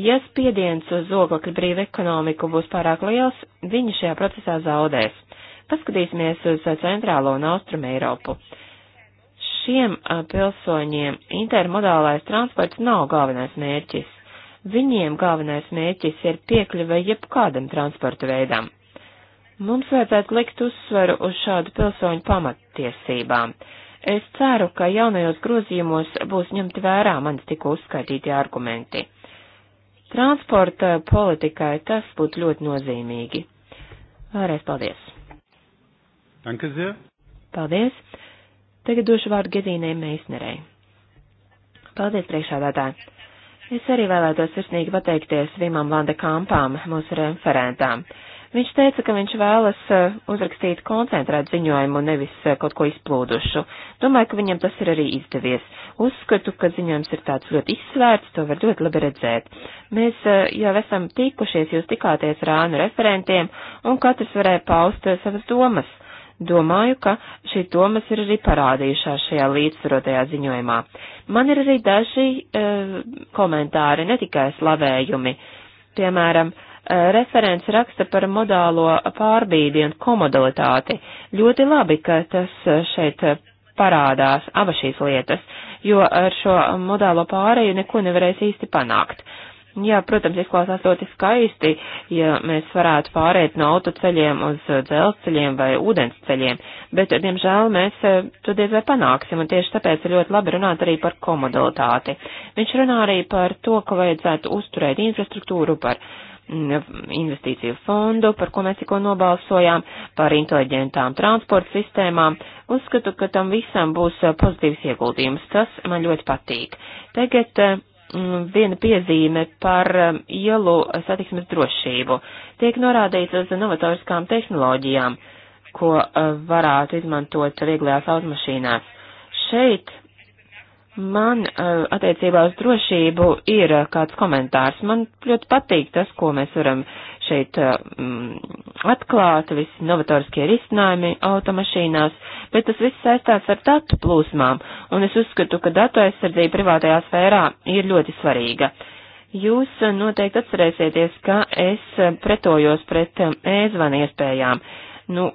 Ja spiediens uz oglekļa brīvu ekonomiku būs pārāk liels, viņi šajā procesā zaudēs. Paskatīsimies uz centrālo un austrumu Eiropu. Šiem pilsoņiem intermodālais transports nav galvenais mērķis. Viņiem galvenais mērķis ir piekļuve jebkādam transporta veidam. Mums vajadzētu likt uzsvaru uz šādu pilsoņu pamattiesībām. Es ceru, ka jaunajos grozījumos būs ņemti vērā manis tikko uzskaitītie argumenti. Transporta politikai tas būtu ļoti nozīmīgi. Vēlreiz paldies. Danke sehr. Paldies. Tagad došu vārdu Gedīnai Meisnerei. Paldies, priekšādātāji. Es arī vēlētos sirsnīgi pateikties Vimam Vanda Kampām, mūsu referentām. Viņš teica, ka viņš vēlas eh, uzrakstīt koncentrētu ziņojumu, nevis eh, kaut ko izplūdušu. Domāju, ka viņam tas ir arī izdevies. Uzskatu, ka ziņojums ir tāds ļoti izsvērts, to var ļoti labi redzēt. Mēs eh, jau esam tikušies, jūs tikāties ar ānu referentiem, un katrs varēja paust savas domas. Domāju, ka šī domas ir arī parādījušās šajā līdzsvarotajā ziņojumā. Man ir arī daži e, komentāri, ne tikai slavējumi. Piemēram, Eh, referents raksta par modālo pārbīdi un komodalitāti. Ļoti labi, ka tas eh, šeit eh, parādās abas šīs lietas, jo ar šo modālo pāreju neko nevarēs īsti panākt. Jā, protams, izklausās ļoti skaisti, ja mēs varētu pāriet no autoceļiem uz dzelzceļiem vai ūdensceļiem, bet, diemžēl, mēs to diez vai panāksim, un tieši tāpēc ir ļoti labi runāt arī par komodalitāti. Viņš runā arī par to, ka vajadzētu uzturēt infrastruktūru, par uh, investīciju fondu, par ko mēs tikko nobalsojām, par inteliģentām transporta sistēmām. Uzskatu, ka tam visam būs eh, pozitīvs ieguldījums. Tas man ļoti patīk. Tagad eh, mm, viena piezīme par eh, ielu satiksmes drošību. Tiek norādīts uz novatoriskām tehnoloģijām, ko varētu izmantot vieglajās automašīnās. Šeit Man eh, attiecībā uz drošību ir eh, kāds komentārs. Man ļoti patīk tas, ko mēs varam šeit eh, mm, atklāt, visi novatoriskie risinājumi automašīnās, bet tas viss saistās ar datu plūsmām, un es uzskatu, ka datu aizsardzība privātajā sfērā ir ļoti svarīga. Jūs noteikti atcerēsieties, ka es pretojos pret e-zvana iespējām. Nu,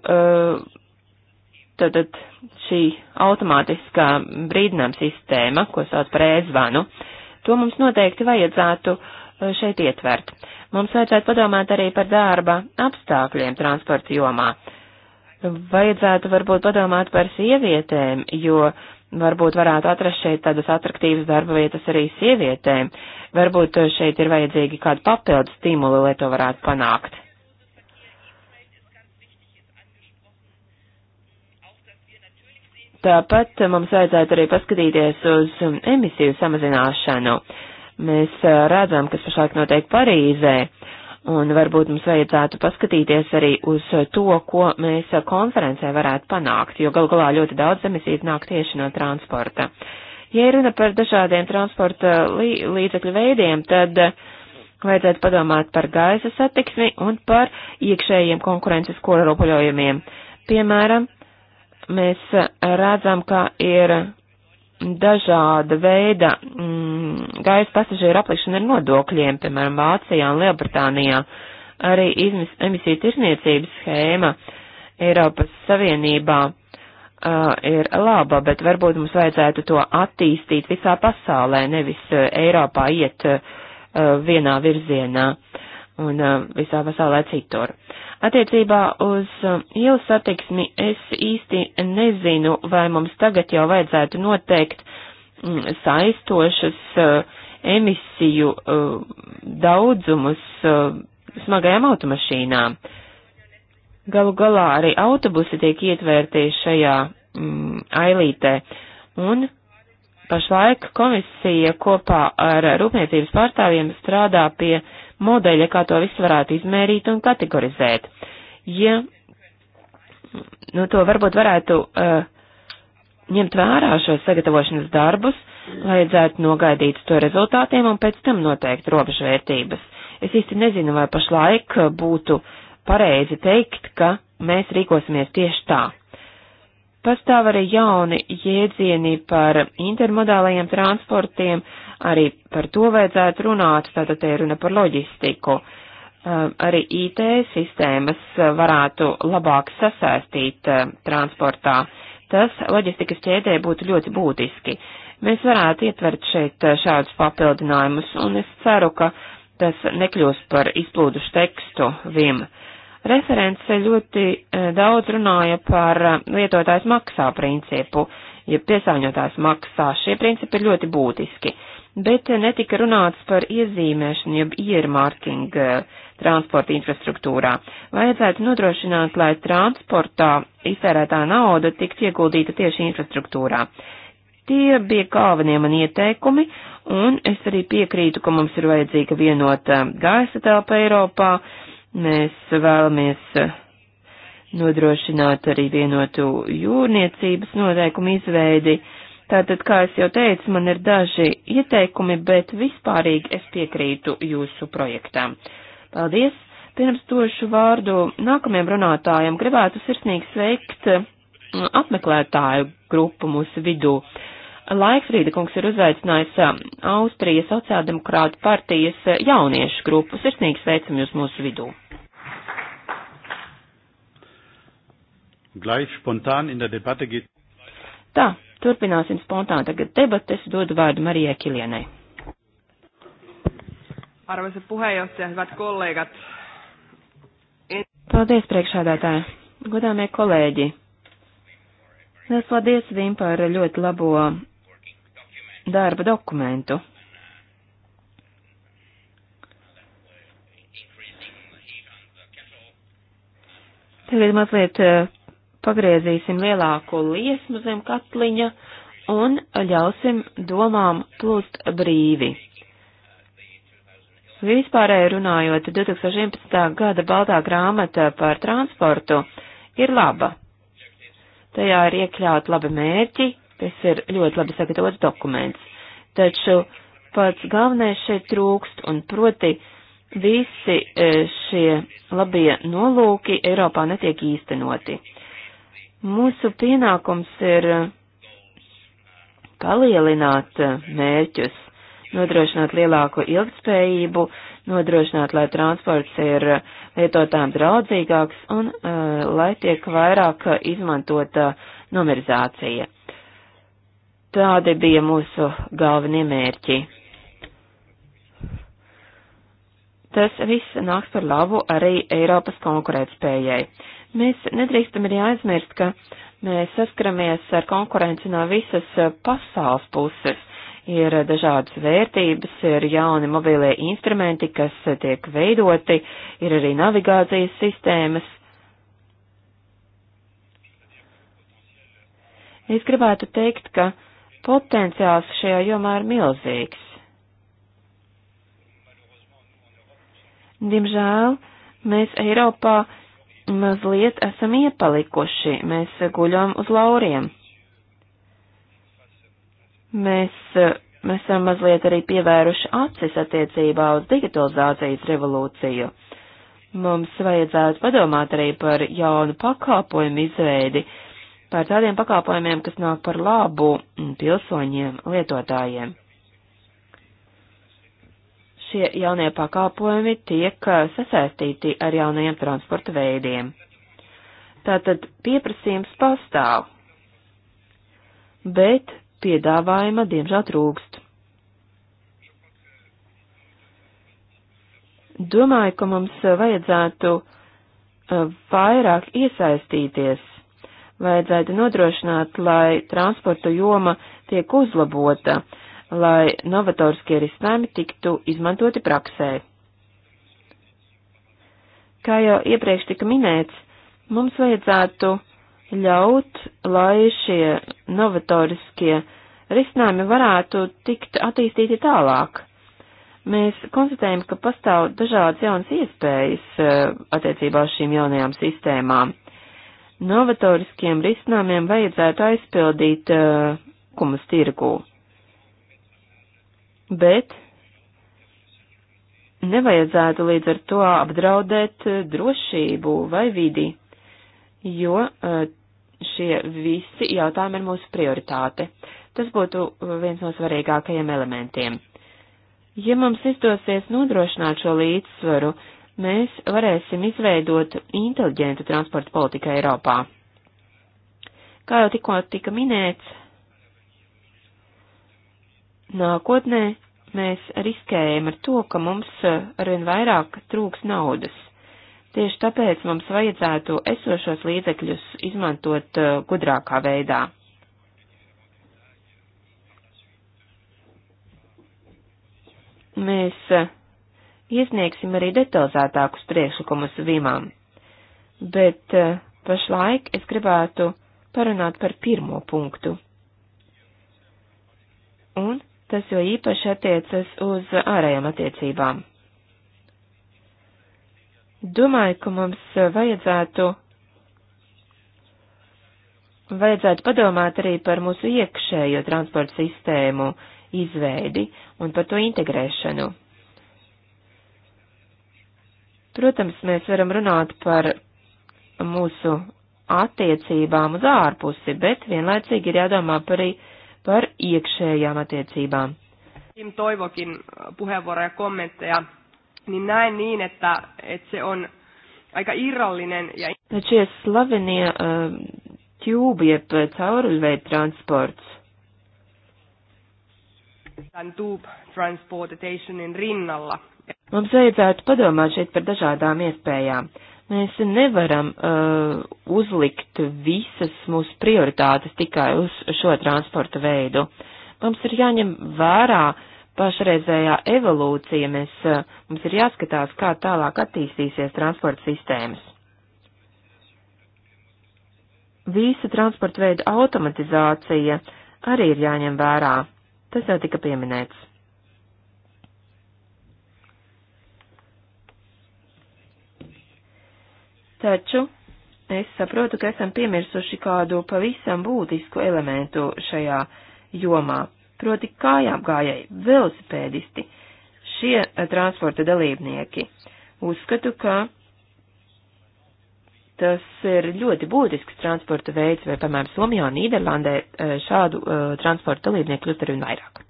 tātad. Uh, šī automātiskā brīdinājuma sistēma, ko sauc par ēzvanu, to mums noteikti vajadzētu e, šeit ietvert. Mums vajadzētu padomāt arī par darba apstākļiem transporta jomā. Vajadzētu varbūt padomāt par sievietēm, jo varbūt varētu atrast šeit tādas atraktīvas darba vietas arī sievietēm. Varbūt e, šeit ir vajadzīgi kādu papildu stimulu, lai to varētu panākt. Tāpat mums vajadzētu arī paskatīties uz emisiju samazināšanu. Mēs redzam, kas pašlaik notiek Parīzē, un varbūt mums vajadzētu paskatīties arī uz to, ko mēs konferencē varētu panākt, jo gal galā ļoti daudz emisijas nāk tieši no transporta. Ja runa par dažādiem transporta līdzekļu veidiem, tad vajadzētu padomāt par gaisa satiksmi un par iekšējiem konkurences koropuļojumiem. Piemēram, mēs redzam, ka ir dažāda veida mm, gaisa pasažieru aplikšana ar nodokļiem, piemēram, Vācijā un Lielbritānijā. Arī izmis, emisiju tirsniecības schēma Eiropas Savienībā uh, ir laba, bet varbūt mums vajadzētu to attīstīt visā pasaulē, nevis uh, Eiropā iet uh, vienā virzienā un uh, visā pasaulē citur. Uh, Attiecībā uz um, ielu satiksmi es īsti nezinu, vai mums tagad jau vajadzētu noteikt mm, saistošas uh, emisiju uh, daudzumus uh, smagajām automašīnām. Galu galā arī autobusi tiek ietvērti šajā mm, ailītē, un pašlaik komisija kopā ar rūpniecības pārstāvjiem strādā pie uh, modeļa, kā to visu varētu izmērīt un kategorizēt. Ja, nu, to varbūt varētu uh, ņemt vērā šos sagatavošanas darbus, vajadzētu nogaidīt to rezultātiem un pēc tam noteikt robežvērtības. Es īsti nezinu, vai pašlaik būtu pareizi teikt, ka mēs rīkosimies tieši tā. Pastāv arī jauni jēdzieni par intermodālajiem transportiem, uh, Arī par to vajadzētu runāt, tātad te ir runa par loģistiku. Ehm, arī IT sistēmas varētu labāk sasaistīt ehm, transportā. Tas loģistikas ķēdē būtu ļoti būtiski. Mēs varētu ietvert šeit eh, šādus papildinājumus, un es ceru, ka tas nekļūs par izplūdušu tekstu vim. Referents ļoti eh, daudz runāja par ehm, lietotājs maksā principu, ja piesāņotājs maksā. Šie principi ir ļoti būtiski bet netika runāts par iezīmēšanu, jeb earmarking eh, transporta infrastruktūrā. Vajadzētu nodrošināt, lai transportā iztērētā nauda tiktu ieguldīta tieši infrastruktūrā. Tie bija galvenie man ieteikumi, un es arī piekrītu, ka mums ir vajadzīga vienota eh, gaisa telpa Eiropā. Mēs vēlamies eh, nodrošināt arī vienotu jūrniecības noteikumu izveidi. Uh, Tātad, kā es jau teicu, man ir daži ieteikumi, bet vispārīgi es piekrītu jūsu projektām. Paldies! Pirms došu vārdu nākamajam runātājam, gribētu sirsnīgi sveikt mm, apmeklētāju grupu mūsu vidū. Laikfrīda kungs ir uzaicinājis mm, Austrijas sociāldemokrātu partijas jauniešu grupu. Sirsnīgi sveicam jūs mūsu vidū. Gleich spontāni in der Debatte geht. Tā, Turpināsim spontāni tagad debates, dodu vārdu Marijai Kilienai. Arvoisa puheenjohtaja, hyvät kollegat. En... Paldies, priekšādātāji. Godāmie kolēģi. Liels paldies Vim par ļoti labo darba dokumentu. Tagad mazliet eh, pagriezīsim lielāko liesmu zem katliņa un ļausim domām plūst brīvi. Vispārēji runājot, 2011. gada baltā grāmata par transportu ir laba. Tajā ir iekļaut labi mērķi, tas ir ļoti labi sagatavots dokuments. Taču pats galvenais šeit trūkst, un proti visi e, šie labie nolūki Eiropā netiek īstenoti. Mūsu pienākums ir palielināt mērķus, nodrošināt lielāku ilgspējību, nodrošināt, lai transports ir lietotām draudzīgāks un uh, lai tiek vairāk izmantota numerizācija. Tādi bija mūsu galvenie mērķi. Tas viss nāks par labu arī Eiropas konkurētspējai. Mēs nedrīkstam arī aizmirst, ka mēs saskaramies ar konkurenci no visas eh, pasaules puses. Ir dažādas vērtības, ir jauni mobilie instrumenti, kas tiek veidoti, ir arī navigācijas sistēmas. Es gribētu teikt, ka potenciāls šajā jomā ir milzīgs. Diemžēl mēs Eiropā mazliet esam iepalikuši, mēs guļam uz lauriem. Mēs, mēs esam mazliet arī pievēruši acis attiecībā uz digitalizācijas revolūciju. Mums vajadzētu padomāt arī par jaunu pakāpojumu izveidi, par tādiem pakāpojumiem, kas nāk par labu pilsoņiem, lietotājiem šie jaunie pakāpojumi tiek eh, sasaistīti ar jaunajiem transporta veidiem. Tātad pieprasījums pastāv, bet piedāvājuma diemžēl trūkst. Domāju, ka mums vajadzētu eh, vairāk iesaistīties, vajadzētu nodrošināt, lai transporta joma tiek uzlabota, uh, lai novatoriskie risinājumi tiktu izmantoti praksē. Kā jau iepriekš tika minēts, mums vajadzētu ļaut, lai šie novatoriskie risinājumi varētu tikt attīstīti tālāk. Mēs konstatējam, ka pastāv dažādas jaunas iespējas e, attiecībā uz šīm jaunajām sistēmām. Novatoriskiem risinājumiem vajadzētu aizpildīt uh, e, kumas tirgū bet nevajadzētu līdz ar to apdraudēt eh, drošību vai vidi, jo eh, šie visi jautājumi ir mūsu prioritāte. Tas būtu eh, viens no svarīgākajiem elementiem. Ja mums izdosies nodrošināt šo līdzsvaru, mēs varēsim izveidot inteliģentu transporta politiku Eiropā. Kā jau tikko tika minēts, nākotnē mēs riskējam ar to, ka mums eh, arvien vairāk trūks naudas. Tieši tāpēc mums vajadzētu esošos līdzekļus izmantot eh, gudrākā veidā. Mēs eh, iesniegsim arī detalizētākus priekšlikumus vīmām, bet pašlaik es gribētu parunāt par pirmo punktu. Un Tas jau īpaši attiecas uz ārējām attiecībām. Domāju, ka mums vajadzētu, vajadzētu padomāt arī par mūsu iekšējo transporta sistēmu izveidi un par to integrēšanu. Protams, mēs varam runāt par mūsu attiecībām uz ārpusi, bet vienlaicīgi ir jādomā par arī par iekšējām attiecībām. Kim toivokin äh, puheenvuoroja kommentteja, niin näen niin, että, että se on aika irrallinen. Ja... Tad šie slavenie uh, tube, jeb äh, cauruļveida transports. Tämän tube transportationin rinnalla. Mums vajadzētu padomāt šeit par dažādām iespējām. Uh, Mēs nevaram uh, uzlikt visas mūsu prioritātes tikai uz šo transporta veidu. Mums ir jāņem vērā pašreizējā evolūcija, mēs, uh, mums ir jāskatās, kā tālāk attīstīsies transporta sistēmas. Visa transporta veida automatizācija arī ir jāņem vērā. Tas jau tika pieminēts. Taču es saprotu, ka esam piemirsuši kādu pavisam būtisku elementu šajā jomā, proti kājāpgājai, velosipēdisti, šie eh, transporta dalībnieki. Uzskatu, ka tas ir ļoti būtisks transporta veids, vai, piemēram, Somijā un Nīderlandē eh, šādu uh, transporta dalībnieku kļūst arvien vairāk.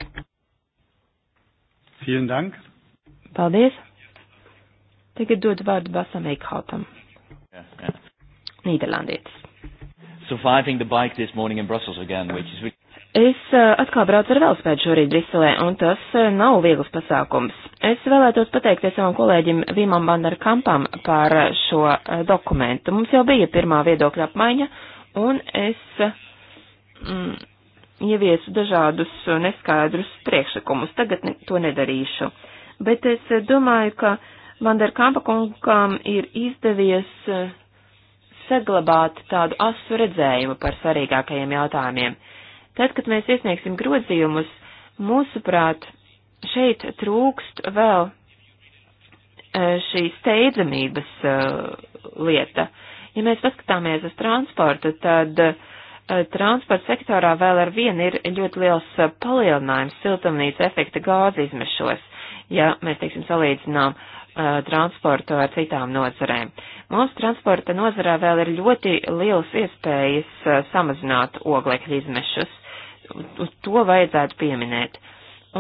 Vielen Dank. Paldies. Tagad dod vārdu Basam Eikhautam. Yeah, yeah. Nīderlandietis. Surviving the bike this morning in Brussels again, which is really... Es uh, atkal braucu ar velospēdu šorīt Briselē, un tas uh, nav viegls pasākums. Es vēlētos pateikties savam kolēģim Vimam Bandarkampam par uh, šo dokumentu. Mums jau bija pirmā viedokļa apmaiņa, un es mm, ieviesu dažādus neskaidrus priekšlikumus. Tagad ne, to nedarīšu. Bet es domāju, ka uh, Vanderkampa kungam ir izdevies eh, saglabāt tādu asu redzējumu par svarīgākajiem jautājumiem. Tad, kad mēs iesniegsim grozījumus, mūsuprāt, šeit trūkst vēl eh, šī steidzamības eh, lieta. Ja mēs paskatāmies uz transportu, tad transporta sektorā vēl ar vienu ir ļoti liels palielinājums siltumnīca efekta gāzi izmešos, ja mēs, teiksim, salīdzinām uh, Uh, transportu ar citām nozarēm. Mūsu transporta nozarā vēl ir ļoti liels iespējas uh, samazināt oglekļa izmešus. Uz to vajadzētu pieminēt.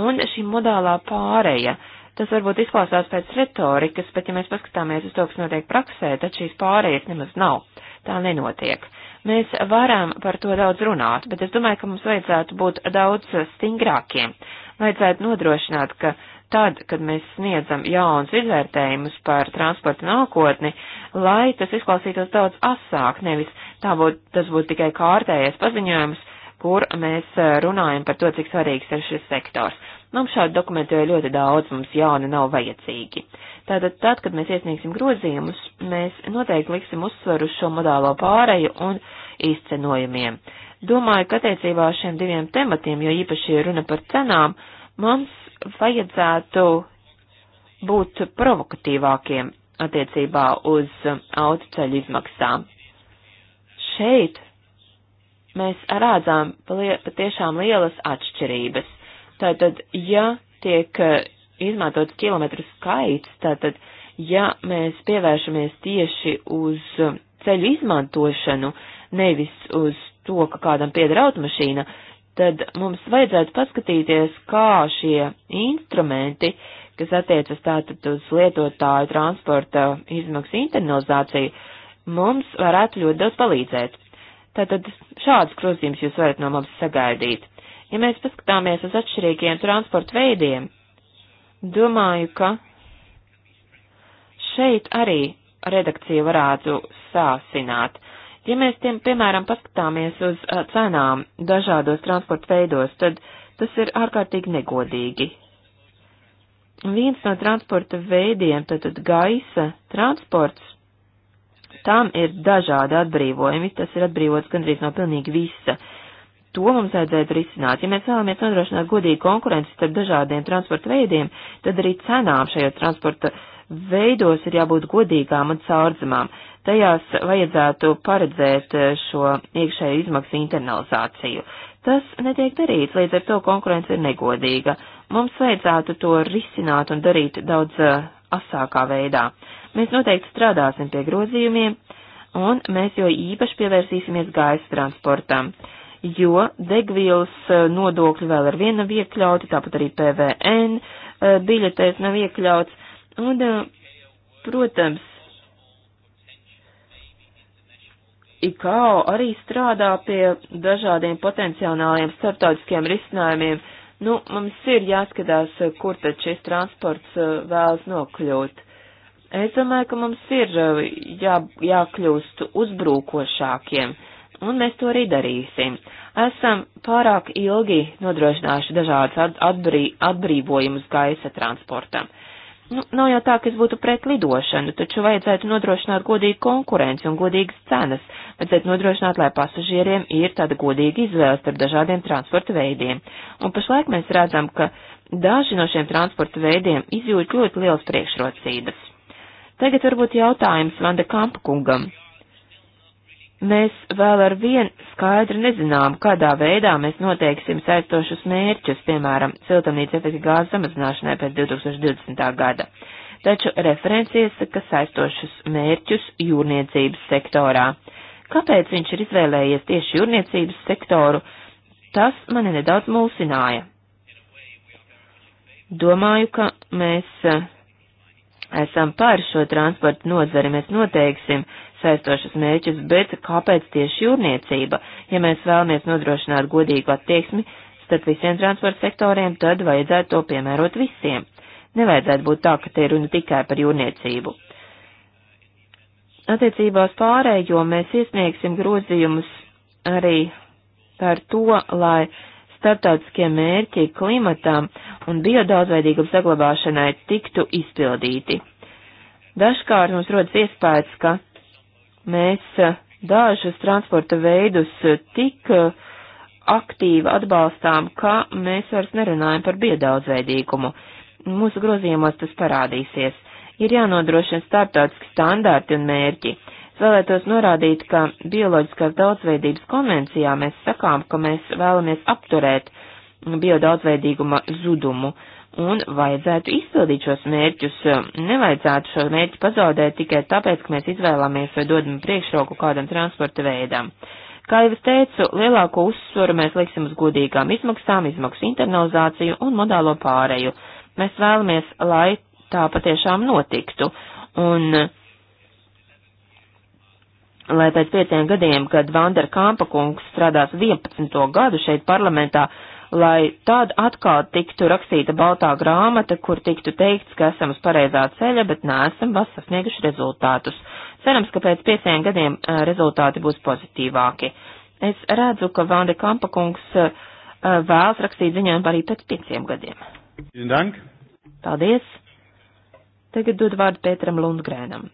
Un šī modālā pāreja, tas varbūt izklausās pēc retorikas, bet ja mēs paskatāmies uz to, kas notiek praksē, tad šīs pārejas nemaz nav. Tā nenotiek. Mēs varam par to daudz runāt, bet es domāju, ka mums vajadzētu būt daudz stingrākiem. Vajadzētu nodrošināt, ka tad, kad mēs sniedzam jaunus izvērtējumus par transporta nākotni, lai tas izklausītos daudz asāk, nevis tā būtu, tas būtu tikai kārtējais paziņojums, kur mēs runājam par to, cik svarīgs ir šis sektors. Mums šādu dokumentu jau ļoti daudz, mums jauni nav vajadzīgi. Tātad, tad, kad mēs iesniegsim grozījumus, mēs noteikti liksim uzsvaru uz šo modālo pāreju un īstenojumiem. Domāju, ka attiecībā uz šiem diviem tematiem, jo īpaši runa par cenām, mums vajadzētu būt provokatīvākiem attiecībā uz autoceļu izmaksām. Šeit mēs rādzām patiešām lielas atšķirības. Tātad, ja tiek eh, izmantots kilometru skaits, tātad, ja mēs pievēršamies tieši uz ceļu izmantošanu, nevis uz to, ka kādam pieder automašīna, tad mums vajadzētu paskatīties, kā šie instrumenti, kas attiecas tātad uz lietotāju transporta izmaksu internalizāciju, mums varētu ļoti daudz palīdzēt. Tātad šāds grozījums jūs varat no mums sagaidīt. Ja mēs paskatāmies uz atšķirīgiem transporta veidiem, domāju, ka šeit arī redakcija varētu sāsināt. Uh, Ja mēs, tiem, piemēram, paskatāmies uz cenām dažādos transporta veidos, tad tas ir ārkārtīgi negodīgi. Viens no transporta veidiem, tātad gaisa transports, tam ir dažādi atbrīvojumi, tas ir atbrīvots gandrīz no pilnīgi visa. To mums vajadzētu risināt. Ja mēs vēlamies nodrošināt godīgu konkurenci starp dažādiem transporta veidiem, tad arī cenām šajos transporta veidos veidos ir jābūt godīgām un caurdzamām. Tajās vajadzētu paredzēt eh, šo iekšēju izmaksu internalizāciju. Tas netiek darīts, līdz ar to konkurence ir negodīga. Mums vajadzētu to risināt un darīt daudz uh, asākā veidā. Mēs noteikti strādāsim pie grozījumiem, un mēs jo īpaši pievērsīsimies gaisa transportam, jo degvielas uh, nodokļi vēl ar vienu nav iekļauti, tāpat arī PVN uh, biļetēs nav iekļauts, Un, protams, IKO arī strādā pie dažādiem potenciāliem starptautiskiem risinājumiem. Nu, mums ir jāskatās, kur tad šis transports vēlas nokļūt. Es domāju, ka mums ir jā, jākļūst uzbrūkošākiem, un mēs to arī darīsim. Esam pārāk ilgi nodrošinājuši dažādas atbrī, atbrīvojumus gaisa transportam. Uh, Nu, nav jau tā, ka es būtu pret lidošanu, taču vajadzētu nodrošināt godīgu konkurenci un godīgas cenas, vajadzētu nodrošināt, lai pasažieriem ir tāda godīga izvēle starp dažādiem transporta veidiem. Un pašlaik mēs redzam, ka daži no šiem transporta veidiem izjūt ļoti liels priekšrocības. Tagad varbūt jautājums Vanda Kampa kungam mēs vēl ar vien skaidri nezinām, kādā veidā mēs noteiksim saistošus mērķus, piemēram, siltumnīca efekta gāzes samazināšanai pēc 2020. gada. Taču referents iesaka saistošus mērķus jūrniecības sektorā. Kāpēc viņš ir izvēlējies tieši jūrniecības sektoru, tas mani nedaudz mulsināja. Domāju, ka mēs eh, esam par šo transporta nozari, mēs noteiksim saistošas mērķus, bet kāpēc tieši jūrniecība? Ja mēs vēlamies nodrošināt godīgu attieksmi starp visiem transporta sektoriem, tad vajadzētu to piemērot visiem. Nevajadzētu būt tā, ka te runa tikai par jūrniecību. Attiecībās pārējo mēs iesniegsim grozījumus arī par to, lai starptautiskie mērķi klimatam un biodaudzveidīgums saglabāšanai tiktu izpildīti. Dažkārt mums rodas iespējas, ka mēs eh, dažus transporta veidus eh, tik eh, aktīvi atbalstām, ka mēs vairs nerunājam par biedaudzveidīgumu. Mūsu grozījumos tas parādīsies. Ir jānodrošina starptautiski standarti un mērķi. Es vēlētos norādīt, ka bioloģiskās daudzveidības konvencijā mēs sakām, ka mēs vēlamies apturēt biodaudzveidīguma zudumu un vajadzētu izpildīt šos mērķus. Um, nevajadzētu šo mērķu pazaudēt tikai tāpēc, ka mēs izvēlamies vai dodam priekšroku kādam transporta veidam. Kā jau es teicu, lielāko uzsvaru mēs liksim uz godīgām izmaksām, izmaksu internalizāciju un modālo pāreju. Mēs vēlamies, lai tā patiešām notiktu. Un lai pēc pieciem gadiem, kad Vandera Kampa kungs strādās 11. gadu šeit parlamentā, uh, lai tad atkal tiktu rakstīta baltā grāmata, kur tiktu teikts, ka esam uz pareizā ceļa, bet neesam vēl sasnieguši rezultātus. Cerams, ka pēc pieciem gadiem eh, rezultāti būs pozitīvāki. Es redzu, ka Vande Kampa kungs eh, vēlas rakstīt ziņojumu arī pēc pieciem gadiem. Dank. Paldies! Tagad dod vārdu Pēteram Lundgrēnam.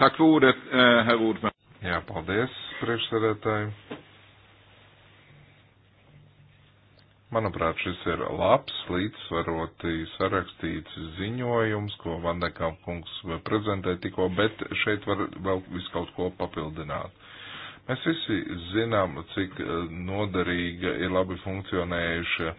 Tak for ordet, eh, herr ordförande. Jā, paldies, priekšsēdētāji. Manuprāt, šis ir labs, līdzsvaroti sarakstīts ziņojums, ko Vandekam kungs prezentē tikko, bet šeit var vēl visu kaut ko papildināt. Mēs visi zinām, cik eh, noderīga ir labi funkcionējuša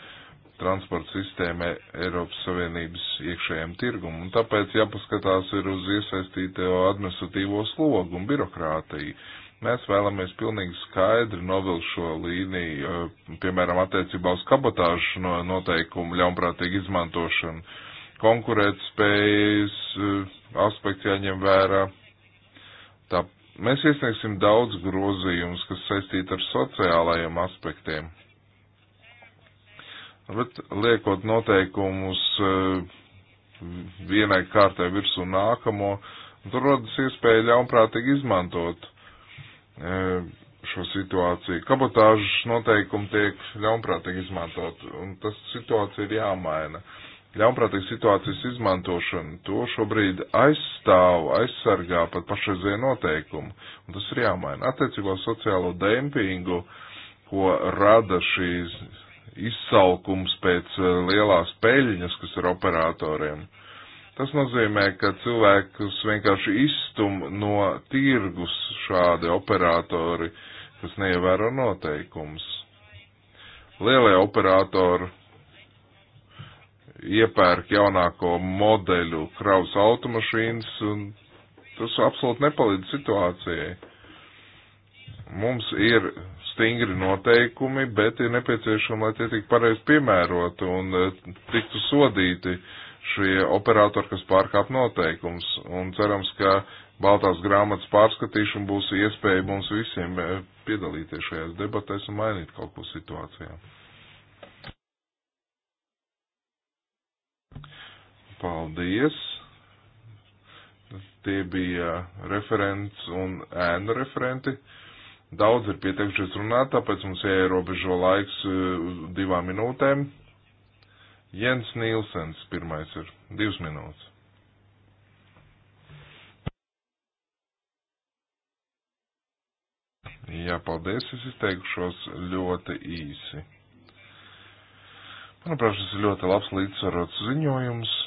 transporta sistēma Eiropas Savienības iekšējiem tirgumu, un tāpēc jāpaskatās ir uz iesaistīto administratīvo slogu un birokrātiju Mēs vēlamies pilnīgi skaidri novilkt šo līniju, eh, piemēram, attiecībā uz kabotāžu noteikumu ļaunprātīgu izmantošanu. Konkurētspējas eh, aspekts jāņem vērā. Tā, mēs iesniegsim daudz grozījumus, kas saistīti ar sociālajiem aspektiem. Bet liekot noteikumus eh, vienai kārtai virsū nākamo, tur rodas iespēja ļaunprātīgi izmantot E, šo situāciju. Kabotāžas noteikumi tiek ļaunprātīgi izmantot, un tas situācija ir jāmaina. Ļaunprātīgas situācijas izmantošana to šobrīd aizstāv, aizsargā pat pašreizēja noteikumu, un tas ir jāmaina. Attiecībā sociālo dempingu, ko rada šīs izsalkums pēc e, lielās peļņas, kas ir operatoriem. Uh, Tas nozīmē, ka cilvēkus vienkārši izstum no tirgus šādi operatori, kas neievēro noteikumus. Lielie operatori iepērk jaunāko modeļu kravas automašīnas, un tas absolūti nepalīdz situācijai. Mums ir stingri noteikumi, bet ir nepieciešama, lai tie tik pareizi piemēroti un eh, tiktu sodīti uh, šie operatori, kas pārkāp noteikums. Un cerams, ka Baltās grāmatas pārskatīšana būs iespēja mums visiem eh, piedalīties šajās debatēs un mainīt kaut ko situācijā. Paldies! Tie bija referents un ēnu referenti. Daudz ir pieteikšies runāt, tāpēc mums jāierobežo laiks eh, divām minūtēm. Jens Nīlsens pirmais ir divas minūtes. Jā, paldies, es izteikšos ļoti īsi. Manuprāt, šis ir ļoti labs līdzsvarots ziņojums.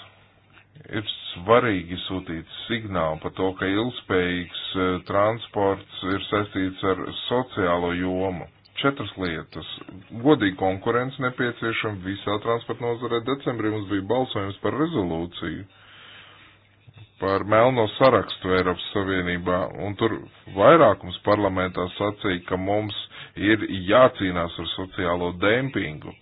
Ir svarīgi sūtīt signālu par to, ka ilgspējīgs eh, transports ir saistīts ar sociālo jomu četras lietas. Godīga konkurence nepieciešama visā transporta nozarē. Decembrī mums bija balsojums par rezolūciju par melno sarakstu Eiropas Savienībā, un tur vairākums parlamentā sacīja, ka mums ir jācīnās ar sociālo dempingu,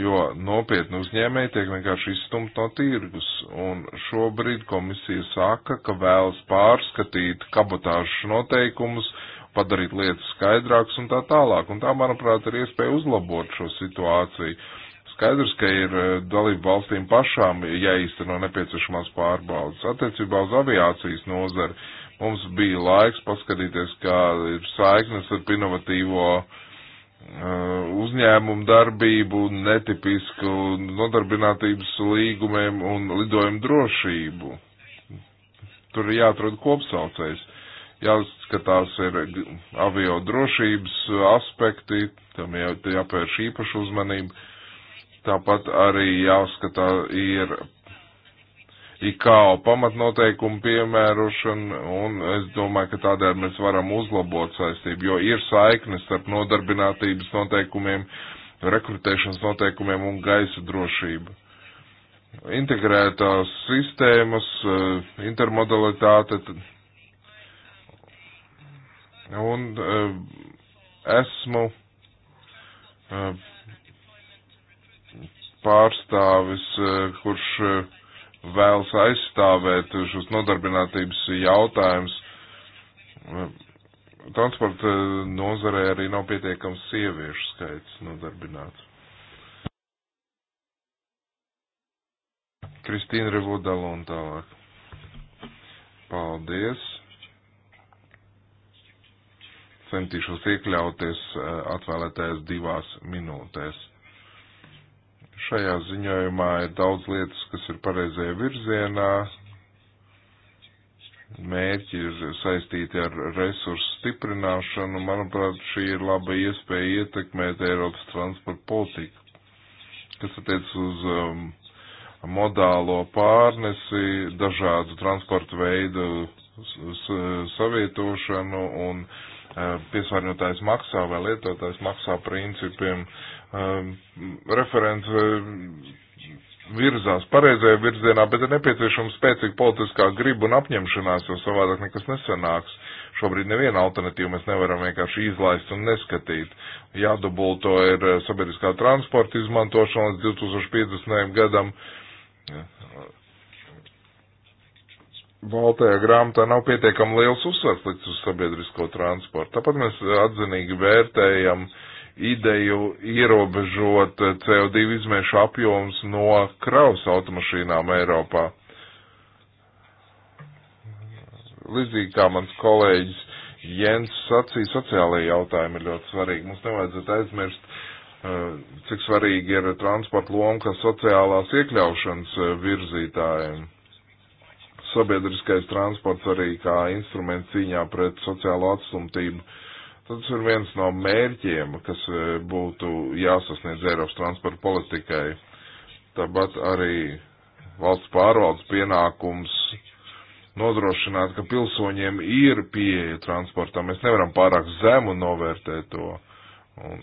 jo nopietni uzņēmēji tiek vienkārši izstumt no tirgus, un šobrīd komisija saka, ka vēlas pārskatīt kabotāžu noteikumus padarīt lietas skaidrākas un tā tālāk. Un tā, manuprāt, ir iespēja uzlabot šo situāciju. Skaidrs, ka ir eh, dalību valstīm pašām jāīsteno nepieciešamās pārbaudas. Attiecībā uz aviācijas nozari mums bija laiks paskatīties, kā ir saiknes ar inovatīvo uh, uzņēmumu darbību, netipisku nodarbinātības līgumiem un lidojumu drošību. Tur ir jāatrod kopsaucējs jāskatās ir avio drošības aspekti, tam jā, jāpērš īpašu uzmanību. Tāpat arī jāskatā ir IKO pamatnoteikumu piemērošana, un es domāju, ka tādēļ mēs varam uzlabot saistību, jo ir saiknes starp nodarbinātības noteikumiem, rekrutēšanas noteikumiem un gaisa drošību integrētās sistēmas, eh, intermodalitāte, Un uh, esmu uh, pārstāvis, uh, kurš uh, vēlas aizstāvēt šos nodarbinātības jautājumus. Uh, transporta nozarē arī nav pietiekams sieviešu skaits nodarbināts. Kristīna Revodala un tālāk. Paldies! centīšos iekļauties eh, atvēlētajās divās minūtēs. Šajā ziņojumā ir daudz lietas, kas ir pareizajā virzienā. Mērķi ir saistīti ar resursu stiprināšanu. Manuprāt, šī ir laba iespēja ietekmēt Eiropas transporta politiku, kas attiec uz um, modālo pārnesi, dažādu transporta veidu savietošanu un uh, piesārņotājs maksā vai lietotājs maksā principiem. Referents virzās pareizajā virzienā, bet ir nepieciešama spēcīga politiskā griba un apņemšanās, jo savādāk nekas nesanāks. Šobrīd nevienu alternatīvu mēs nevaram vienkārši izlaist un neskatīt. Jādubulto ir sabiedriskā transporta izmantošana līdz 2050. gadam Baltajā grāmatā nav pietiekami liels uzsvars līdz uz sabiedrisko transportu. Tāpat mēs atzinīgi vērtējam ideju ierobežot CO2 izmēšu apjoms no kraus automašīnām Eiropā. Līdzīgi kā mans kolēģis Jens sacīja, sociālajie jautājumi ir ļoti svarīgi. Mums nevajadzētu aizmirst, eh, cik svarīgi ir transporta loma kā sociālās iekļaušanas eh, virzītājiem sabiedriskais transports arī kā instruments cīņā pret sociālo atstumtību. Tas ir viens no mērķiem, kas e, būtu jāsasniedz Eiropas transporta politikai. Tāpat arī valsts pārvaldes pienākums nodrošināt, ka pilsoņiem ir pieeja transportam. Mēs nevaram pārāk zemu novērtēt to. Un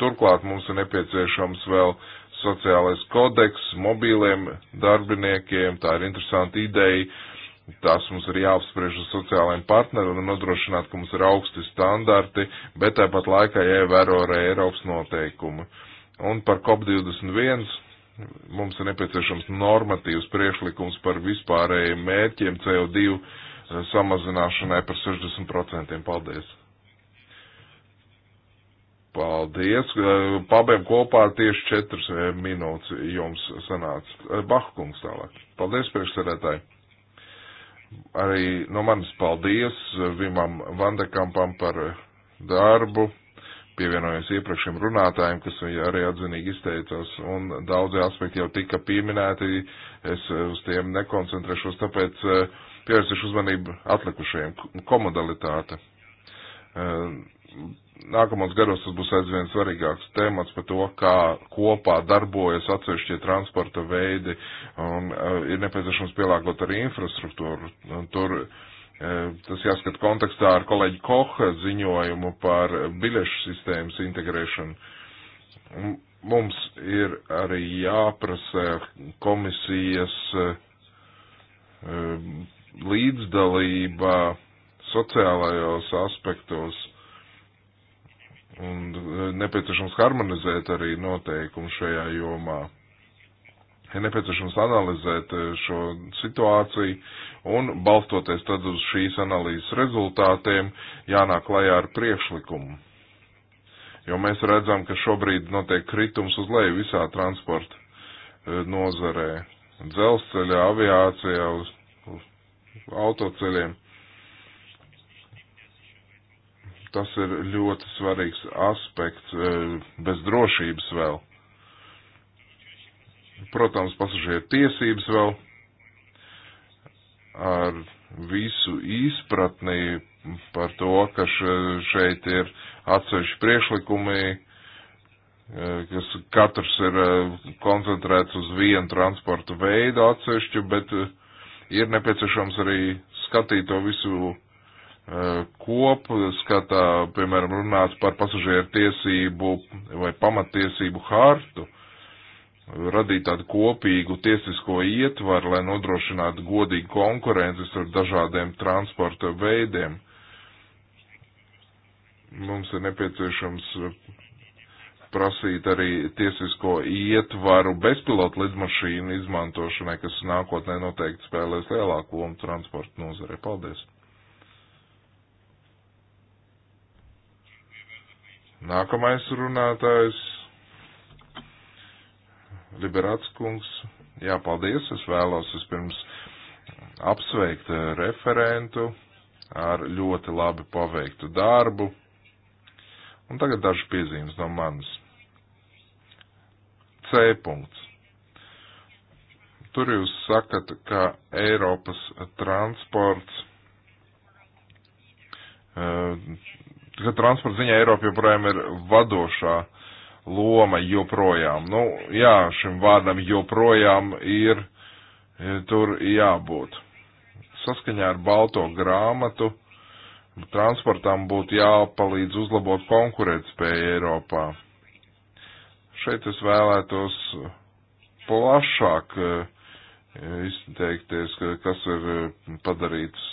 turklāt mums ir nepieciešams vēl uh, sociālais kodeks mobīliem darbiniekiem. Tā ir interesanta ideja. Tās mums ir jāapspriež ar sociālajiem partneriem un nodrošināt, ka mums ir augsti standarti, bet tāpat laikā jāievēro arī Eiropas noteikumi. Un par COP21 mums ir nepieciešams normatīvs priekšlikums par vispārējiem mērķiem CO2 eh, samazināšanai par 60%. Paldies! Paldies. Pabēm kopā tieši četras eh, minūtes jums sanāca. Eh, Bahkungs tālāk. Paldies, priekšsēdētāji. Arī no manis paldies eh, Vimam Vandekampam par darbu. Pievienojos iepriekšiem runātājiem, kas arī atzinīgi izteicās, un daudzi aspekti jau tika pieminēti. Es uz tiem nekoncentrēšos, tāpēc pievērsīšu uzmanību atlikušajiem. Komodalitāte nākamos gados tas būs aizvien svarīgāks temats par to, kā kopā darbojas atsevišķie transporta veidi un uh, ir nepieciešams pielāgot arī infrastruktūru. Un tur uh, tas jāskat kontekstā ar kolēģi Koha ziņojumu par biļešu sistēmas integrēšanu. Un mums ir arī jāprasa komisijas uh, līdzdalība sociālajos aspektos Un e, nepieciešams harmonizēt arī noteikumu šajā jomā. Ir nepieciešams analizēt e, šo situāciju un, balstoties tad uz šīs analīzes rezultātiem, jānāk klajā ar priekšlikumu. Jo mēs redzam, ka šobrīd notiek kritums uz leju visā transporta e, nozarē - dzelzceļā, aviācijā, uz autoceļiem. Tas ir ļoti svarīgs aspekts e, bez drošības vēl. Protams, pasažieru tiesības vēl ar visu izpratni par to, ka šeit ir atsevišķi priekšlikumi, e, kas katrs ir e, koncentrēts uz vienu transportu veidu atsevišķu, bet ir nepieciešams arī skatīt to visu Eh, kopu skatā, piemēram, runāts par pasažieru tiesību vai pamatiesību hārtu, radīt tādu kopīgu tiesisko ietvaru, lai nodrošinātu godīgu konkurences ar dažādiem transporta veidiem. Mums ir nepieciešams prasīt arī tiesisko ietvaru bezpilotu lidmašīnu izmantošanai, kas nākotnē noteikti spēlēs lielāku lomu transporta nozarē. Paldies! Nākamais runātājs - Liberāts kungs. Jā, paldies. Es vēlos vispirms apsveikt referentu ar ļoti labi paveiktu darbu. Un tagad daži piezīmes no manis. C punkts. Tur jūs sakat, ka Eiropas transports eh, ka transporta ziņā Eiropa joprojām ir vadošā loma joprojām. Nu, jā, šim vārdam joprojām ir e, tur jābūt. Saskaņā ar balto grāmatu transportam būtu jāpalīdz uzlabot konkurētspēju Eiropā. Šeit es vēlētos plašāk e, izteikties, kas ir e, padarīts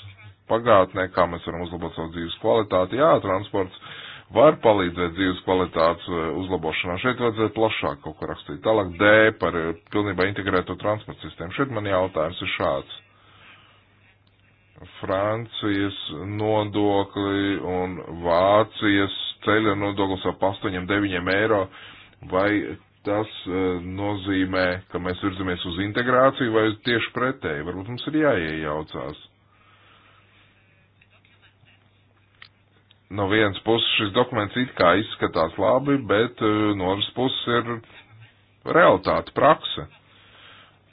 pagātnē, kā mēs varam uzlabot savu dzīves kvalitāti. Jā, transports var palīdzēt dzīves kvalitātes eh, uzlabošanā. Šeit vajadzētu plašāk kaut ko rakstīt. Tālāk D par eh, pilnībā integrēto transporta sistēmu. Šeit man jautājums ir šāds. Francijas nodokli un Vācijas ceļa nodoklis ap 8-9 eiro. Vai tas eh, nozīmē, ka mēs virzamies uz integrāciju vai tieši pretēji? Varbūt mums ir jāiejaucās no vienas puses šis dokuments it kā izskatās labi, bet eh, no otras puses ir realitāte, prakse.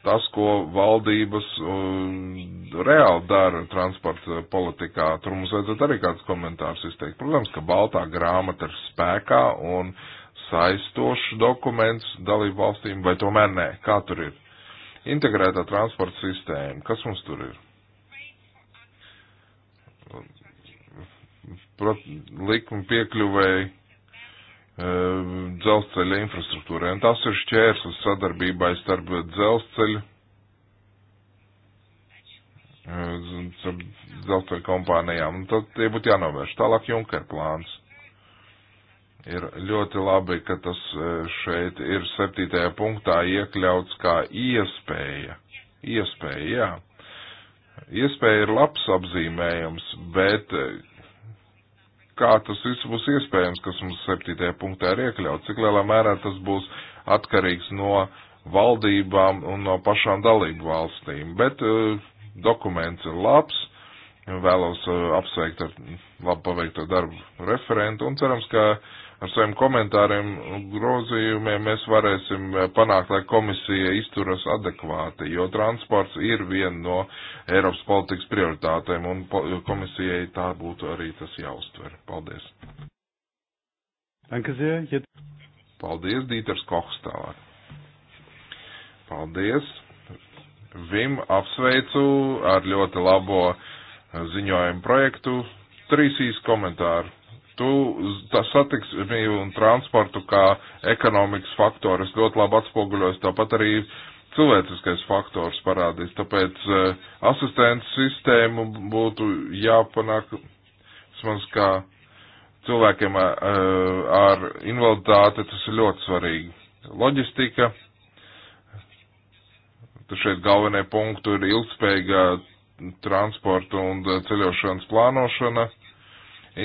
Tas, ko valdības eh, reāli dara transporta politikā, tur mums vajadzētu arī kāds komentārs izteikt. Protams, ka baltā grāmata ir spēkā un saistošs dokuments dalību valstīm, vai tomēr nē, kā tur ir? Integrētā transporta sistēma, kas mums tur ir? likmi piekļuvēji e, dzelzceļa infrastruktūrai. Un tas ir šķērslis sadarbībai starp dzelzceļu, e, dzelzceļa kompānijām. Un tad tie būtu jānovērš. Tālāk Junker plāns. Ir ļoti labi, ka tas e, šeit ir septītajā punktā iekļauts kā iespēja. Iespēja, jā. Iespēja ir labs apzīmējums, bet kā tas viss būs iespējams, kas mums septītajā punktā ir iekļauts, cik lielā mērā tas būs atkarīgs no valdībām un no pašām dalību valstīm. Bet uh, dokuments ir labs, Vēlos uh, apsveikt ar labu paveikto darbu referentu un cerams, ka ar saviem komentāriem un grozījumiem mēs varēsim uh, panākt, lai komisija izturas adekvāti, jo transports ir viena no Eiropas politikas prioritātēm un komisijai tā būtu arī tas jāuztver. Paldies! Danke sehr. Jetzt. Paldies, Dīters Kochs tālāk. Paldies. Vim apsveicu ar ļoti labo ziņojumu projektu. Trīs īsi komentāri. Tu tā satiksmību un transportu kā ekonomikas faktoris ļoti labi atspoguļojas, tāpat arī cilvēciskais faktors parādīs. Tāpēc uh, asistents sistēmu būtu jāpanāk, vismaz kā cilvēkiem uh, ar invaliditāti, tas ir ļoti svarīgi. Loģistika, tad šeit galvenie punkti ir ilgspējīga transporta un eh, ceļošanas plānošana,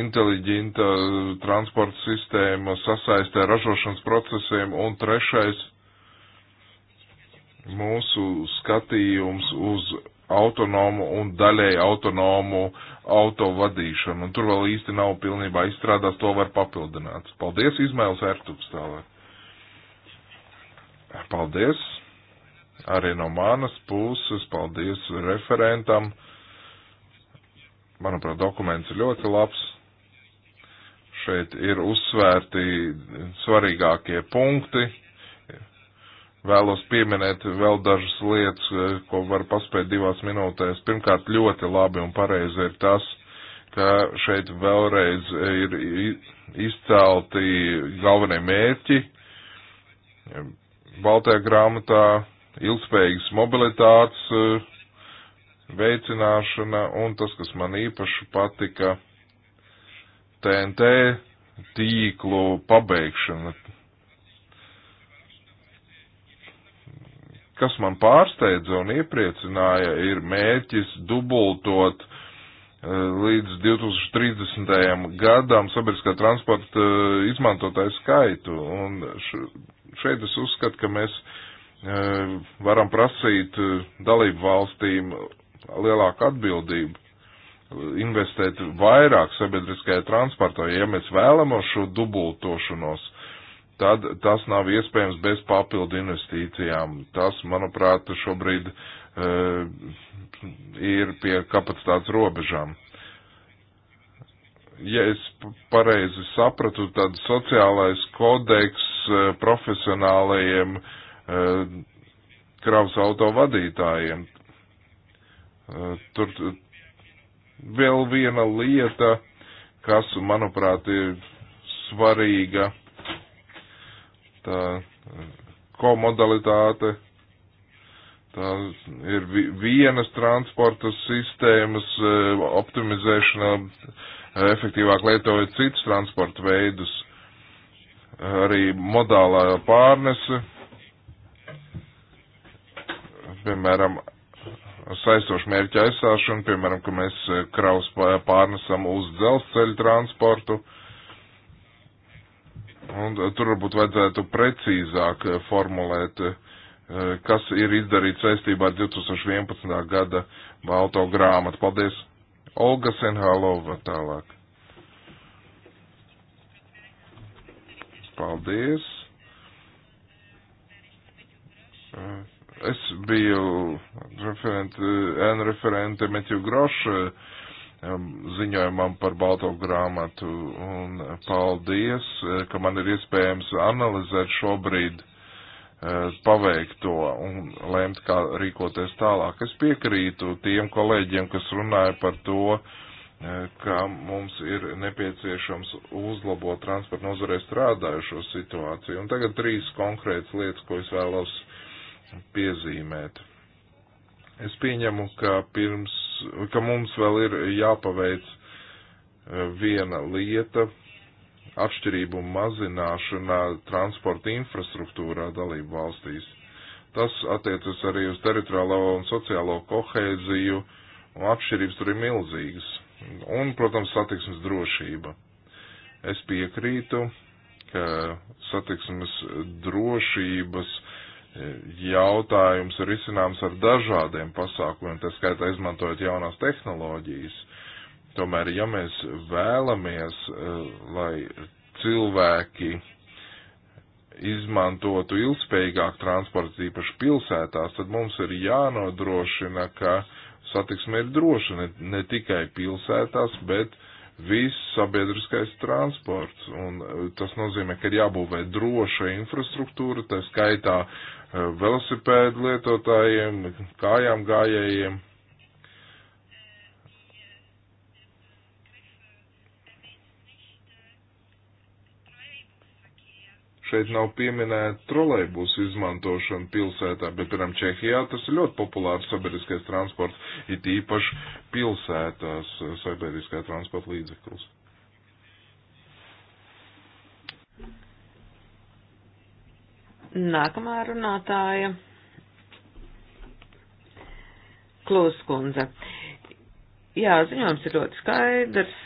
inteliģenta eh, transporta sistēma sasaistē ražošanas procesiem un trešais mūsu skatījums uz autonomu un daļēji autonomu auto vadīšanu. Un tur vēl īsti nav pilnībā izstrādās, to var papildināt. Paldies, Izmēls Ertups tālāk. Paldies! Arī no manas puses paldies referentam. Manuprāt, dokuments ir ļoti labs. Šeit ir uzsvērti svarīgākie punkti. Vēlos pieminēt vēl dažas lietas, ko var paspēt divās minūtēs. Pirmkārt, ļoti labi un pareizi ir tas, ka šeit vēlreiz ir izcelti galvenie mērķi. Baltajā grāmatā ilgspējīgas mobilitātes eh, veicināšana un tas, kas man īpaši patika, TNT tīklu pabeigšana. Kas man pārsteidza un iepriecināja, ir mērķis dubultot eh, līdz 2030. gadam sabiedriskā transporta eh, izmantotāju skaitu. Un šeit es uzskatu, ka mēs uh, Ehm, varam prasīt eh, dalību valstīm lielāku atbildību, eh, investēt vairāk sabiedriskajā transportā. Ja mēs vēlamos šo dubultošanos, tad tas nav iespējams bez papildu investīcijām. Tas, manuprāt, šobrīd uh, ir pie kapacitātes robežām. Ja es pareizi sapratu, tad sociālais kodeks profesionālajiem uh, Eh, kravas auto vadītājiem. Eh, tur vēl viena lieta, kas, manuprāt, ir svarīga, tā eh, komodalitāte, tā ir vienas transporta sistēmas optimizēšana, efektīvāk lietojot citus transporta veidus, arī modālā pārnese piemēram, saistošu mērķu aizsāšanu, piemēram, ka mēs eh, kraus pārnesam uz dzelzceļu transportu. Un eh, tur varbūt vajadzētu precīzāk eh, formulēt, kas ir izdarīts saistībā ar 2011. gada balto grāmatu. Paldies! Olga Senhalova tālāk. Paldies! Uh. Es biju referente, N referente Metju Groša ziņojumam par balto grāmatu un paldies, ka man ir iespējams analizēt šobrīd uh, paveikto un lemt, kā rīkoties tālāk. Es piekrītu tiem kolēģiem, kas runāja par to, uh, ka mums ir nepieciešams uzlabot transporta nozarē strādājušo situāciju. Un tagad trīs konkrētas lietas, ko es vēlos piezīmēt. Es pieņemu, ka, pirms, ka mums vēl ir jāpaveic e, viena lieta - atšķirību mazināšanā transporta infrastruktūrā dalību valstīs. Tas attiecas arī uz teritoriālo un sociālo kohēziju, un atšķirības tur ir milzīgas. Un, protams, satiksmes drošība. Es piekrītu, ka satiksmes drošības jautājums ir izcināms ar dažādiem pasākumiem, tā skaitā izmantojot jaunās tehnoloģijas. Tomēr, ja mēs vēlamies, eh, lai cilvēki izmantotu ilgspējīgāk transports, īpaši pilsētās, tad mums ir jānodrošina, ka satiksme ir droša ne, ne tikai pilsētās, bet viss sabiedriskais transports. Un eh, tas nozīmē, ka ir jābūvē droša infrastruktūra, tā skaitā uh, velosipēdu lietotājiem, kājām gājējiem. šeit nav pieminēta trolejbusu izmantošana pilsētā, bet, piemēram, Čehijā tas ir ļoti populārs sabiedriskais transports, it īpaši pilsētās sabiedriskā transporta līdzeklis. Nākamā runātāja Klūskundze. Jā, ziņojums ir ļoti skaidrs,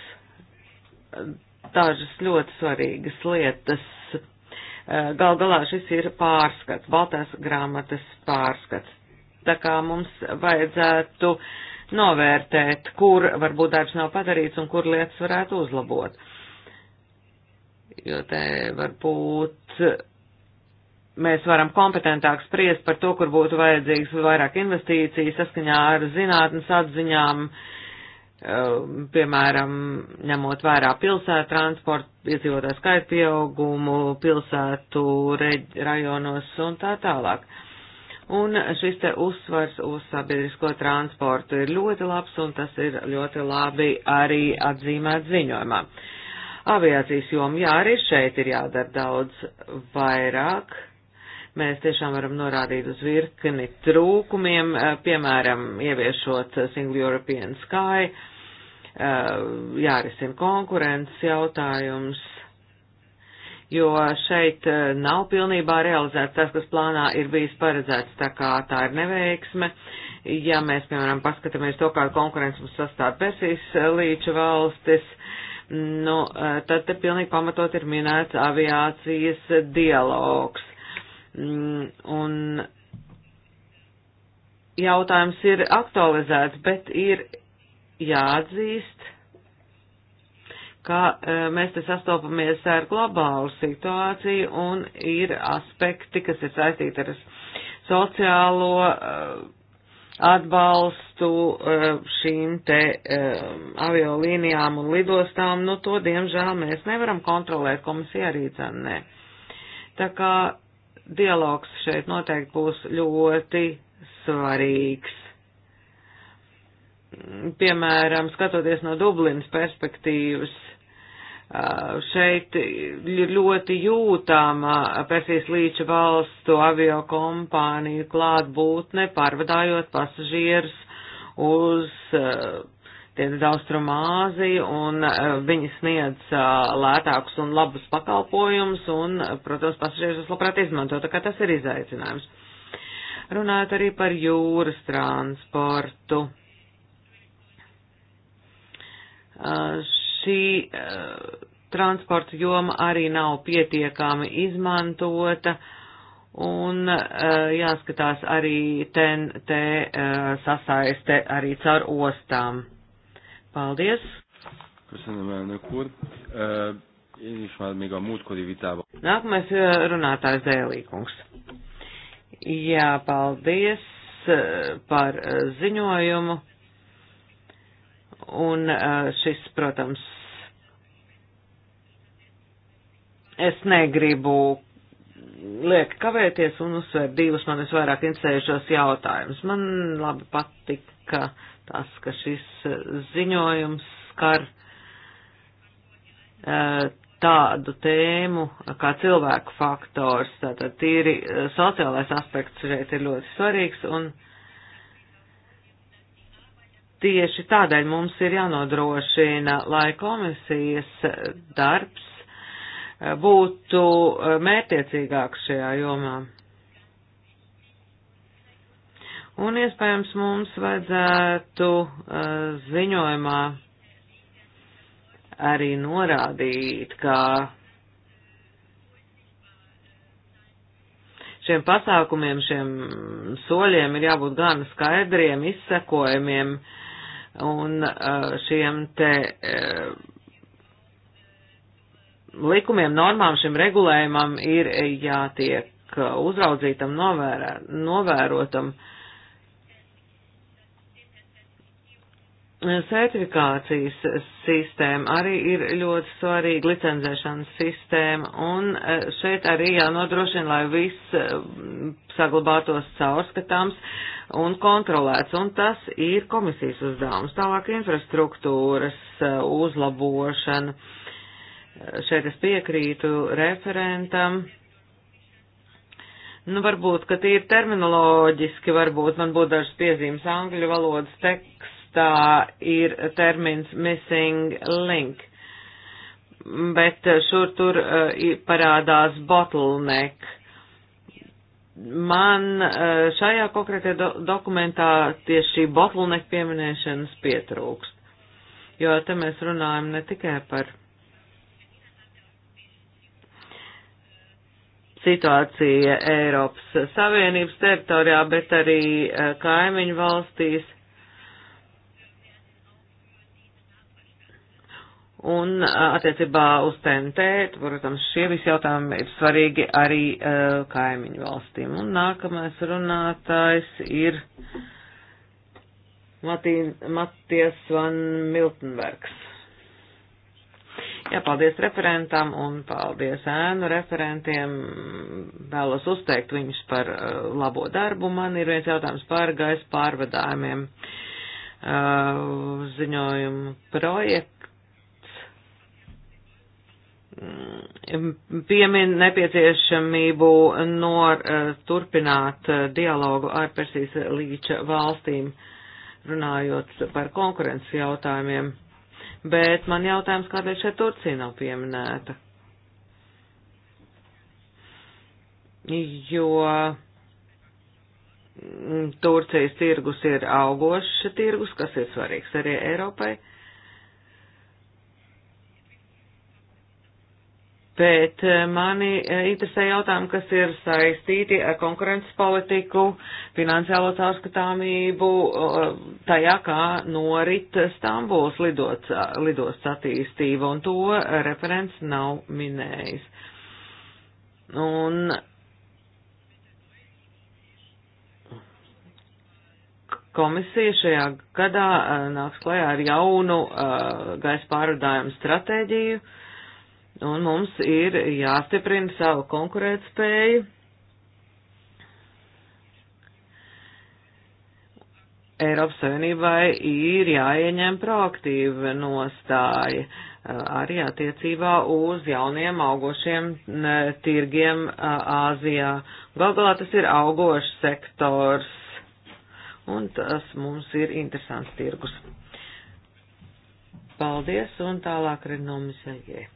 dažas ļoti svarīgas lietas. Gal galā šis ir pārskats, baltās grāmatas pārskats. Tā kā mums vajadzētu novērtēt, kur varbūt darbs nav padarīts un kur lietas varētu uzlabot. Jo te varbūt mēs varam kompetentāk spriest par to, kur būtu vajadzīgs vairāk investīciju saskaņā ar zinātnes atziņām, um, piemēram, ņemot vērā pilsētu transportu, iedzīvotāju skaitu pieaugumu, pilsētu reģ, rajonos un tā tālāk. Un šis te uzsvars uz sabiedrisko transportu ir ļoti labs un tas ir ļoti labi arī atzīmēt ziņojumā. Aviācijas joma, jā, arī šeit ir jādara daudz vairāk Mēs tiešām varam norādīt uz virkni trūkumiem, eh, piemēram, ieviešot Single European Sky, eh, jārisina konkurences jautājums, jo šeit eh, nav pilnībā realizēts tas, kas plānā ir bijis paredzēts, tā kā tā ir neveiksme. Ja mēs, piemēram, paskatāmies to, kā konkurence mums sastāv Persijas līča valstis, nu, tad te pilnīgi pamatot ir minēts aviācijas dialogs. Mm, un jautājums ir aktualizēts, bet ir jāatzīst, ka e, mēs te sastopamies ar globālu situāciju un ir aspekti, kas ir saistīti ar sociālo e, atbalstu e, šīm te aviolīnijām un lidostām. Nu, to, diemžēl, mēs nevaram kontrolēt, komisija arī dzennē. Tā kā dialogs šeit noteikti būs ļoti svarīgs. Piemēram, skatoties no Dublinas perspektīvas, šeit ir ļoti jūtama Persijas līča valstu avio kompāniju klātbūtne, pārvadājot pasažierus uz attiecas uz Austrumāziju, un eh, viņi sniedz eh, lētākus un labus pakalpojumus, un, eh, protams, pasažierus labprāt izmanto, tā kā tas ir izaicinājums. Runājot arī par jūras transportu. Šī transporta joma arī nav pietiekami izmantota un uh, jāskatās arī TNT uh, sasaiste arī caur ostām. Paldies! Köszönöm, elnök úr. Én is már még a múltkori vitában. Nākamais runātājs Dēlīkungs. Jā, paldies par ziņojumu. Un šis, protams, es negribu liek kavēties un uzsvērt divus man visvairāk interesējušos jautājumus. Man labi patika tas, ka šis eh, ziņojums skar eh, tādu tēmu kā cilvēku faktors, tātad tīri eh, sociālais aspekts šeit ir ļoti svarīgs un tieši tādēļ mums ir jānodrošina, lai komisijas darbs būtu mērtiecīgāks šajā jomā. Un iespējams mums vajadzētu uh, ziņojumā arī norādīt, ka šiem pasākumiem, šiem soļiem ir jābūt gan skaidriem, izsekojumiem un uh, šiem te uh, likumiem, normām, šim regulējumam ir jātiek uzraudzītam, novērē, novērotam. Uh, Certifikācijas sistēma arī ir ļoti svarīga, licenzēšanas sistēma, un e, šeit arī jānodrošina, lai viss e, saglabātos caurskatāms un kontrolēts, un tas ir komisijas uzdevums. Tālāk infrastruktūras e, uzlabošana. Šeit es piekrītu referentam. Nu, varbūt, ka tie ir terminoloģiski, varbūt man būtu dažas piezīmes angļu valodas teksts tekstā ir termins missing link, bet šur tur eh, parādās bottleneck. Man eh, šajā konkrētajā do dokumentā tieši šī bottleneck pieminēšanas pietrūkst, jo te mēs runājam ne tikai par situācija Eiropas Savienības teritorijā, bet arī eh, kaimiņu valstīs. Un attiecībā uz TNT, protams, šie visi jautājumi ir svarīgi arī uh, kaimiņu valstīm. Un nākamais runātājs ir Matī, Matties Van Miltenbergs. Jā, paldies referentam un paldies ēnu referentiem. Vēlos uzteikt viņus par uh, labo darbu. Man ir viens jautājums par gaisa pārvadājumiem uh, ziņojumu projektu Mm, piemin nepieciešamību nor, eh, turpināt eh, dialogu ar Persijas līča valstīm, runājot par konkurences jautājumiem. Bet man jautājums, kādēļ šeit Turcija nav pieminēta? Jo mm, Turcijas tirgus ir augošs tirgus, kas ir svarīgs arī Eiropai. Uh, bet eh, mani eh, interesē jautājumi, kas ir saistīti ar konkurences politiku, finansiālo caurskatāmību, eh, tajā kā norit Stambuls lidots, lidosts attīstība, un to referents nav minējis. Un komisija šajā gadā nāks klajā ar jaunu uh, gaisa pārvadājumu stratēģiju, uh, un mums ir jāstiprina savu konkurētspēju. Eiropas Savienībai ir jāieņem proaktīva nostāja arī attiecībā uz jauniem augošiem tirgiem Āzijā. Galgalā tas ir augošs sektors, un tas mums ir interesants tirgus. Paldies, un tālāk ir nomisējie.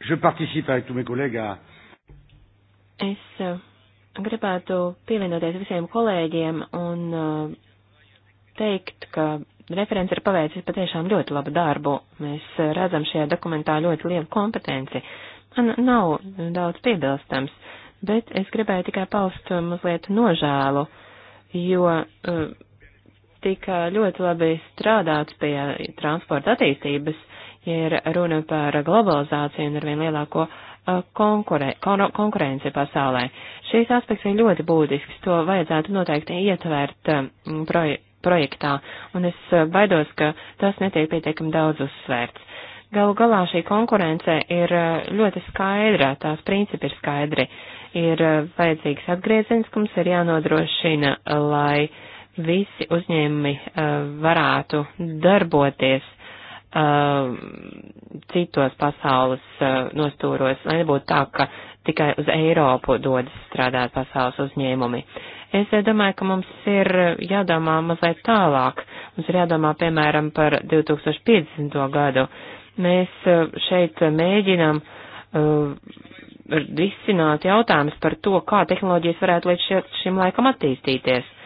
Je participe avec tous mes collègues à. Es eh, gribētu pievienoties visiem kolēģiem un eh, teikt, ka referents ir paveicis patiešām ļoti labu darbu. Mēs eh, redzam šajā dokumentā ļoti lielu kompetenci. Man nav daudz piebilstams, bet es gribēju tikai paust mazliet nožēlu, jo tika ļoti labi strādāts pie transporta attīstības ja ir runa par globalizāciju un arvien lielāko uh, konkure, kon, konkurenci pasaulē. Šīs aspekts ir ļoti būtisks, to vajadzētu noteikti ietvērt um, proje, projektā, un es uh, baidos, ka tas netiek pietiekami daudz uzsvērts. Galu galā šī konkurence ir uh, ļoti skaidra, tās principi ir skaidri. Ir vajadzīgs atgriezieniskums, ir jānodrošina, lai visi uzņēmumi varētu darboties uh, citos pasaules uh, nostūros, lai nebūtu tā, ka tikai uz Eiropu dodas strādāt pasaules uzņēmumi. Es uh, domāju, ka mums ir jādomā mazliet tālāk. Mums ir jādomā, piemēram, par 2050. gadu. Mēs uh, šeit mēģinam uh, risināt jautājumus par to, kā tehnoloģijas varētu līdz šim laikam attīstīties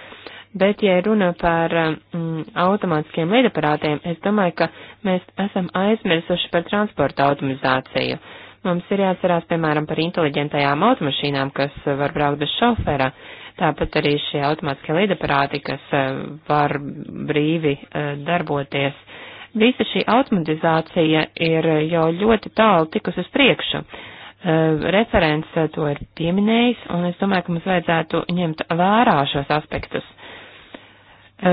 bet, ja runa par mm, automātiskiem lidaparātiem, es domāju, ka mēs esam aizmirsuši par transporta automatizāciju. Mums ir jāatcerās, piemēram, par inteliģentajām automašīnām, kas var braukt bez šofera, tāpat arī šie automātiskie lidaparāti, kas eh, var brīvi eh, darboties. Visa šī automatizācija ir jau ļoti tālu tikus uz priekšu eh, referents to ir pieminējis, un es domāju, ka mums vajadzētu ņemt vērā šos aspektus. E,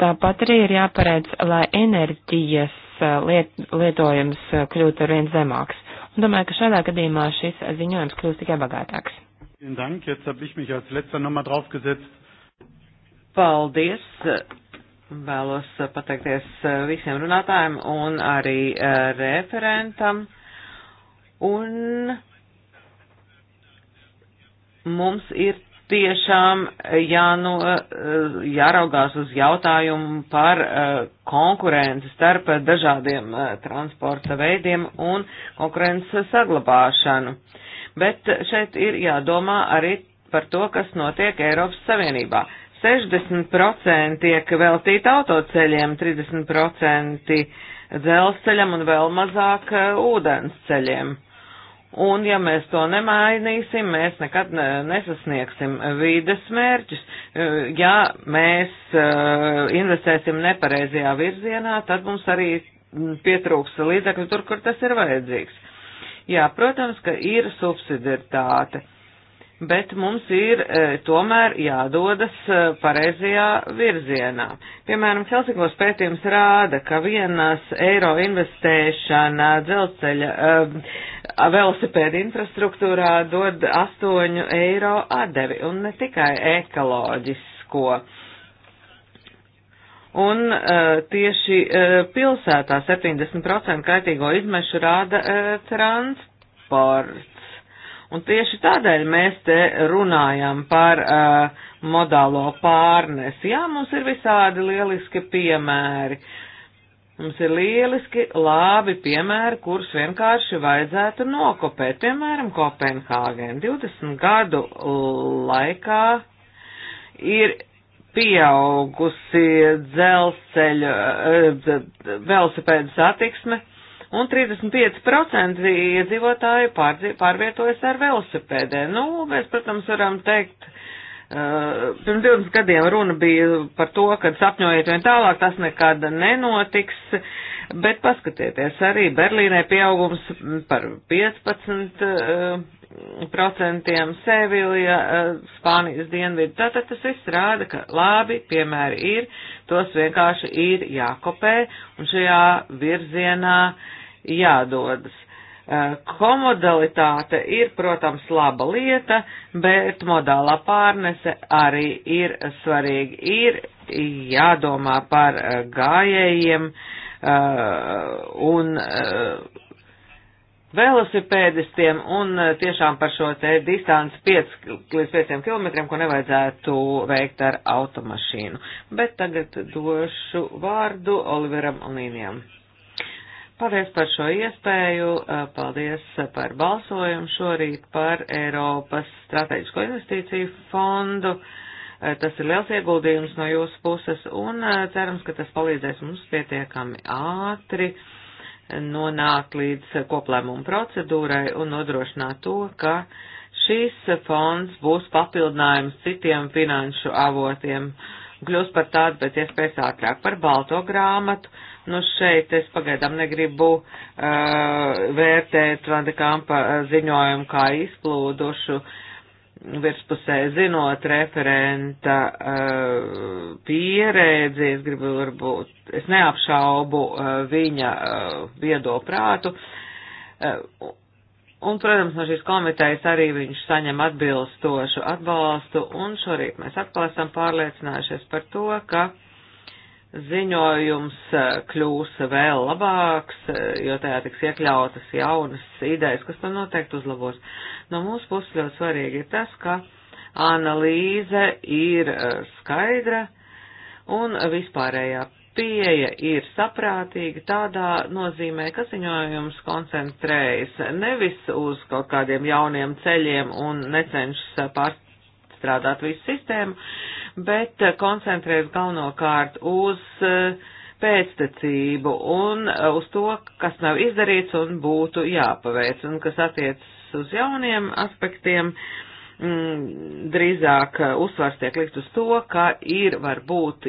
tāpat arī ir jāparedz, lai enerģijas e, liet, lietojums e, kļūtu ar vien zemāks. Un domāju, ka šādā gadījumā šis ziņojums kļūst tikai bagātāks. Paldies! Vēlos pateikties visiem runātājiem un arī referentam. Un mums ir tiešām jāno, nu, eh, jāraugās uz jautājumu par eh, konkurenci starp dažādiem eh, transporta veidiem un konkurences saglabāšanu. Bet šeit ir jādomā arī par to, kas notiek Eiropas Savienībā. 60% tiek veltīti autoceļiem, 30% dzelzceļam un vēl mazāk ūdensceļiem. Un ja mēs to nemainīsim, mēs nekad nesasniegsim vīdes mērķus. E, ja mēs e, investēsim nepareizajā virzienā, tad mums arī pietrūks līdzekļu tur, kur tas ir vajadzīgs. Jā, protams, ka ir subsidiaritāte bet mums ir e, tomēr jādodas e, pareizajā virzienā. Piemēram, Helsingos pētījums rāda, ka vienas eiro investēšana dzelzceļa e, velosipēda infrastruktūrā dod 8 eiro atdevi un ne tikai ekoloģisko. Un uh, tieši uh, pilsētā 70% kaitīgo izmešu rāda uh, transports Un tieši tādēļ mēs te runājam par uh, modālo pārnesi. Jā, mums ir visādi lieliski piemēri. Mums ir lieliski labi piemēri, kurus vienkārši vajadzētu nokopēt. Piemēram, Kopenhāgen 20 gadu laikā ir pieaugusi dzelzceļa, uh, eh, velosipēdu satiksme un 35% iedzīvotāji pārvietojas ar velosipēdē. Nu, mēs, protams, varam teikt, Uh, pirms 20 gadiem runa bija par to, ka sapņojiet vien tālāk, tas nekad nenotiks. Bet paskatieties, arī Berlīnē pieaugums par 15%, eh, Sevilija, eh, Spānijas dienvidu. Tātad tas viss rāda, ka labi piemēri ir, tos vienkārši ir jākopē un šajā virzienā jādodas. Eh, komodalitāte ir, protams, laba lieta, bet modālā pārnese arī ir svarīga. Ir jādomā par gājējiem. Uh, Uh, un uh, velosipēdistiem un uh, tiešām par šo te distanci 5 līdz 5 km, ko nevajadzētu veikt ar automašīnu. Bet tagad došu vārdu Oliveram Līnijam. Paldies par šo iespēju, paldies par balsojumu šorīt par Eiropas strateģisko investīciju fondu. Uh, Eh, tas ir liels ieguldījums no jūsu puses un eh, cerams, ka tas palīdzēs mums pietiekami ātri nonākt līdz koplēmumu procedūrai un nodrošināt to, ka šīs fonds būs papildinājums citiem finanšu avotiem, kļūst par tādu pēc iespējas ātrāk par balto grāmatu. Nu šeit es pagaidām negribu uh, vērtēt Vandekampa ziņojumu kā izplūdušu, virspusē zinot referenta uh, pieredzi, es gribu varbūt, es neapšaubu uh, viņa uh, eh, viedo prātu. Uh, un, protams, no šīs komitejas arī viņš saņem atbilstošu atbalstu, un šorīt mēs atkal esam pārliecinājušies par to, ka uh, ziņojums eh, kļūs vēl labāks, eh, jo tajā tiks iekļautas jaunas idejas, kas to noteikti uzlabos. No mūsu puses ļoti svarīgi ir tas, ka analīze ir eh, skaidra un vispārējā pieeja ir saprātīga tādā nozīmē, ka ziņojums koncentrējas nevis uz kaut kādiem jauniem ceļiem un necenšas pārst apstrādāt visu sistēmu, bet eh, koncentrējas galvenokārt uz eh, pēctecību un eh, uz to, kas nav izdarīts un būtu jāpaveic, un kas attiecas uz jauniem aspektiem. Mm, drīzāk uzsvars tiek likt uz to, ka ir varbūt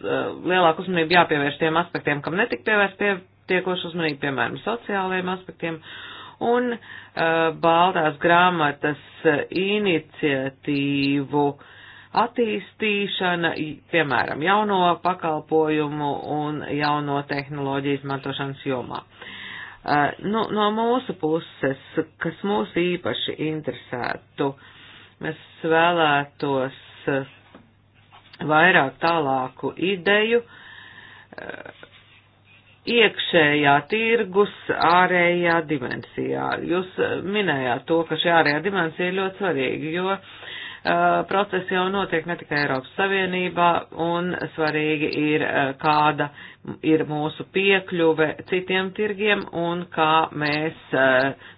lielāku uzmanību jāpievērš tiem aspektiem, kam netika pievērst pie, tiekoši uzmanību, piemēram, sociālajiem aspektiem un uh, Baltās grāmatas uh, iniciatīvu attīstīšana, piemēram, jauno pakalpojumu un jauno tehnoloģiju izmantošanas jomā. Uh, nu, no mūsu puses, kas mūs īpaši interesētu, mēs vēlētos uh, vairāk tālāku ideju, uh, iekšējā tirgus ārējā dimensijā. Jūs eh, minējāt to, ka šī ārējā dimensija ir ļoti svarīga, jo uh, procesi jau notiek ne tikai Eiropas Savienībā, un svarīgi ir, eh, kāda ir mūsu piekļuve citiem tirgiem un kā mēs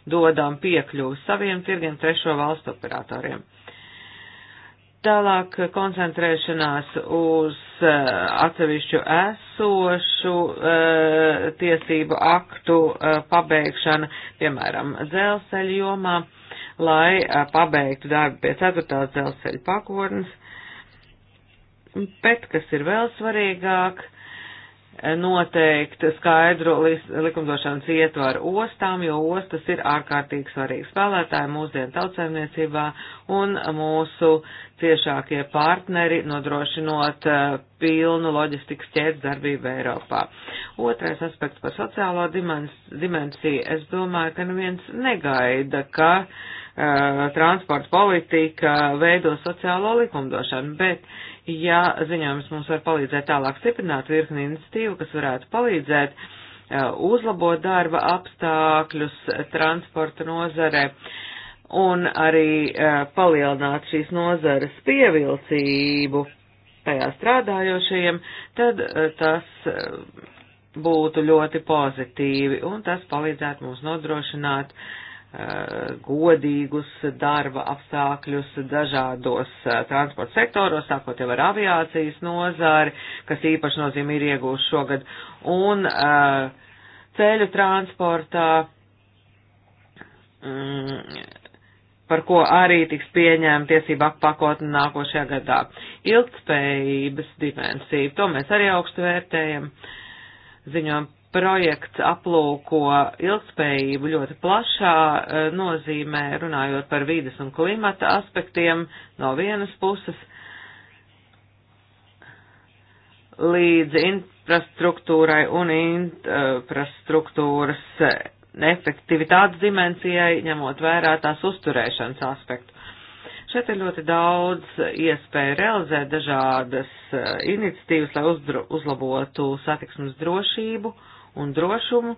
dodam piekļuvi saviem tirgiem trešo valstu operatoriem. Tālāk koncentrēšanās uz uh, atsevišķu esošu uh, tiesību aktu uh, eh, pabeigšana, piemēram, dzelzceļa jomā, lai uh, pabeigtu darbu pie ceturtās dzelzceļa pakotnes. Bet, kas ir vēl svarīgāk, uh, noteikt skaidru likumdošanas ietvaru ostām, jo ostas ir ārkārtīgi svarīgi spēlētāji mūsdienu tautsēmniecībā un mūsu ciešākie partneri nodrošinot eh, pilnu loģistikas ķēdes darbību Eiropā. Otrais aspekts par sociālo dimensiju. Es domāju, ka neviens negaida, ka uh, transporta politika veido sociālo likumdošanu, bet uh, ja ziņojums mums var palīdzēt tālāk stiprināt virkni iniciatīvu, kas varētu palīdzēt uh, uzlabot darba apstākļus transporta nozare un arī uh, palielināt šīs nozares pievilcību tajā strādājošajiem, tad uh, tas būtu ļoti pozitīvi un tas palīdzētu mums nodrošināt uh, Uh, godīgus darba apstākļus dažādos uh, transporta sektoros, sākot jau ar aviācijas nozari, kas īpaši nozīme ir iegūst šogad, un uh, ceļu transportā, mm, par ko arī tiks pieņēma tiesība pakotne nākošajā gadā. Ilgtspējības dimensija, to mēs arī augstu vērtējam. Ziņojam projekts aplūko ilgspējību ļoti plašā e, nozīmē, runājot par vīdes un klimata aspektiem no vienas puses, līdz infrastruktūrai un infrastruktūras efektivitātes dimensijai, ņemot vērā tās uzturēšanas aspektu. Šeit ir ļoti daudz iespēju realizēt dažādas e, iniciatīvas, lai uzdru, uzlabotu satiksmes drošību. Uh, un drošumu,